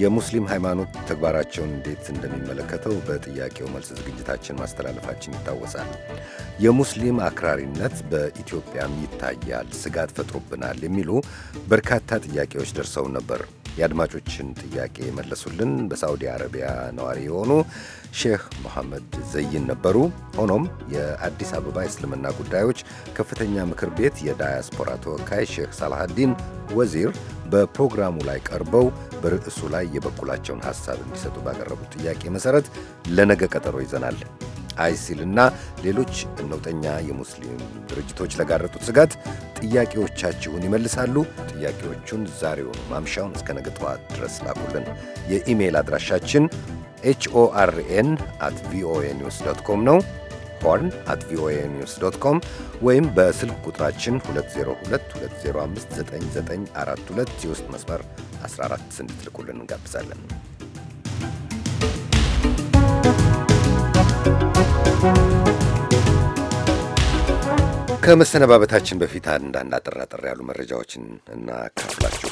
የሙስሊም ሃይማኖት ተግባራቸውን እንዴት እንደሚመለከተው በጥያቄው መልስ ዝግጅታችን ማስተላለፋችን ይታወሳል። የሙስሊም አክራሪነት በኢትዮጵያም ይታያል፣ ስጋት ፈጥሮብናል የሚሉ በርካታ ጥያቄዎች ደርሰው ነበር። የአድማጮችን ጥያቄ የመለሱልን በሳዑዲ አረቢያ ነዋሪ የሆኑ ሼህ መሐመድ ዘይን ነበሩ። ሆኖም የአዲስ አበባ የእስልምና ጉዳዮች ከፍተኛ ምክር ቤት የዳያስፖራ ተወካይ ሼህ ሳልሃዲን ወዚር በፕሮግራሙ ላይ ቀርበው በርዕሱ ላይ የበኩላቸውን ሐሳብ እንዲሰጡ ባቀረቡት ጥያቄ መሠረት ለነገ ቀጠሮ ይዘናል። አይሲልና ሌሎች ነውጠኛ የሙስሊም ድርጅቶች ለጋረጡት ስጋት ጥያቄዎቻችሁን ይመልሳሉ። ጥያቄዎቹን ዛሬውን ማምሻውን እስከ ነገ ጠዋት ድረስ ላኩልን። የኢሜይል አድራሻችን ኤችኦአርኤን አት ቪኦኤ ኒውስ ዶት ኮም ነው። ሆርን አት ቪኦኤ ኒውስ ዶት ኮም ወይም በስልክ ቁጥራችን 2022059942 የውስጥ መስመር 14 እንድትልኩልን እንጋብዛለን። ከመሰነባበታችን በፊት አንዳንድ አጠራጠር ያሉ መረጃዎችን እናካፍላችሁ።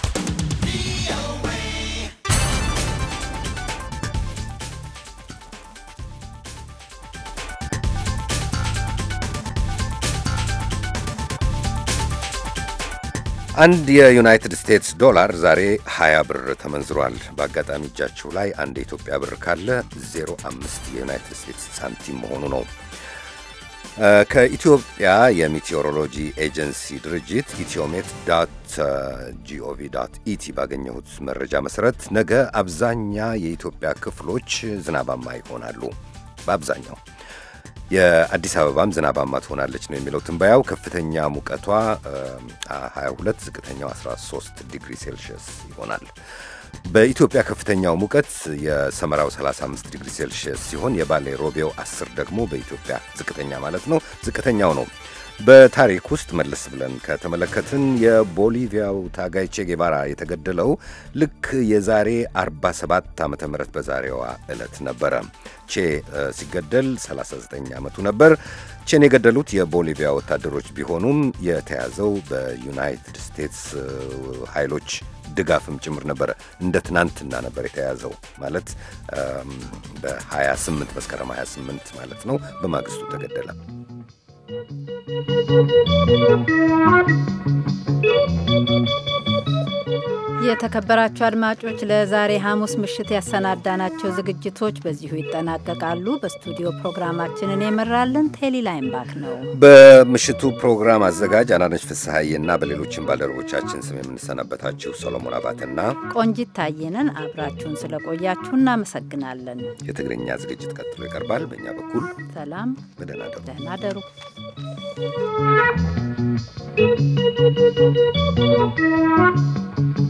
አንድ የዩናይትድ ስቴትስ ዶላር ዛሬ 20 ብር ተመንዝሯል። በአጋጣሚ እጃችሁ ላይ አንድ የኢትዮጵያ ብር ካለ 05 የዩናይትድ ስቴትስ ሳንቲም መሆኑ ነው። ከኢትዮጵያ የሚቴዎሮሎጂ ኤጀንሲ ድርጅት ኢትዮሜት ጂኦቪ ኢቲ ባገኘሁት መረጃ መሠረት ነገ አብዛኛ የኢትዮጵያ ክፍሎች ዝናባማ ይሆናሉ በአብዛኛው የአዲስ አበባም ዝናባማ ትሆናለች ነው የሚለው ትንበያው። ከፍተኛ ሙቀቷ 22፣ ዝቅተኛው 13 ዲግሪ ሴልሺየስ ይሆናል። በኢትዮጵያ ከፍተኛው ሙቀት የሰመራው 35 ዲግሪ ሴልሺየስ ሲሆን የባሌ ሮቤው 10 ደግሞ በኢትዮጵያ ዝቅተኛ ማለት ነው ዝቅተኛው ነው በታሪክ ውስጥ መለስ ብለን ከተመለከትን የቦሊቪያው ታጋይ ቼ ጌባራ የተገደለው ልክ የዛሬ 47 ዓመተ ምህረት በዛሬዋ ዕለት ነበረ። ቼ ሲገደል 39 ዓመቱ ነበር። ቼን የገደሉት የቦሊቪያ ወታደሮች ቢሆኑም የተያዘው በዩናይትድ ስቴትስ ኃይሎች ድጋፍም ጭምር ነበረ። እንደ ትናንትና ነበር የተያዘው ማለት በ28 መስከረም 28 ማለት ነው። በማግስቱ ተገደለ። Thank you. የተከበራችሁ አድማጮች ለዛሬ ሐሙስ ምሽት ያሰናዳናቸው ዝግጅቶች በዚሁ ይጠናቀቃሉ። በስቱዲዮ ፕሮግራማችንን የመራልን ቴሊ ላይምባክ ነው። በምሽቱ ፕሮግራም አዘጋጅ አናነች ፍስሐዬና በሌሎችን ባልደረቦቻችን ስም የምንሰናበታችሁ ሰሎሞን አባትና ቆንጂት ታየንን አብራችሁን ስለቆያችሁ እናመሰግናለን። የትግርኛ ዝግጅት ቀጥሎ ይቀርባል። በእኛ በኩል ሰላም፣ ደህና ደሩ። Thank you.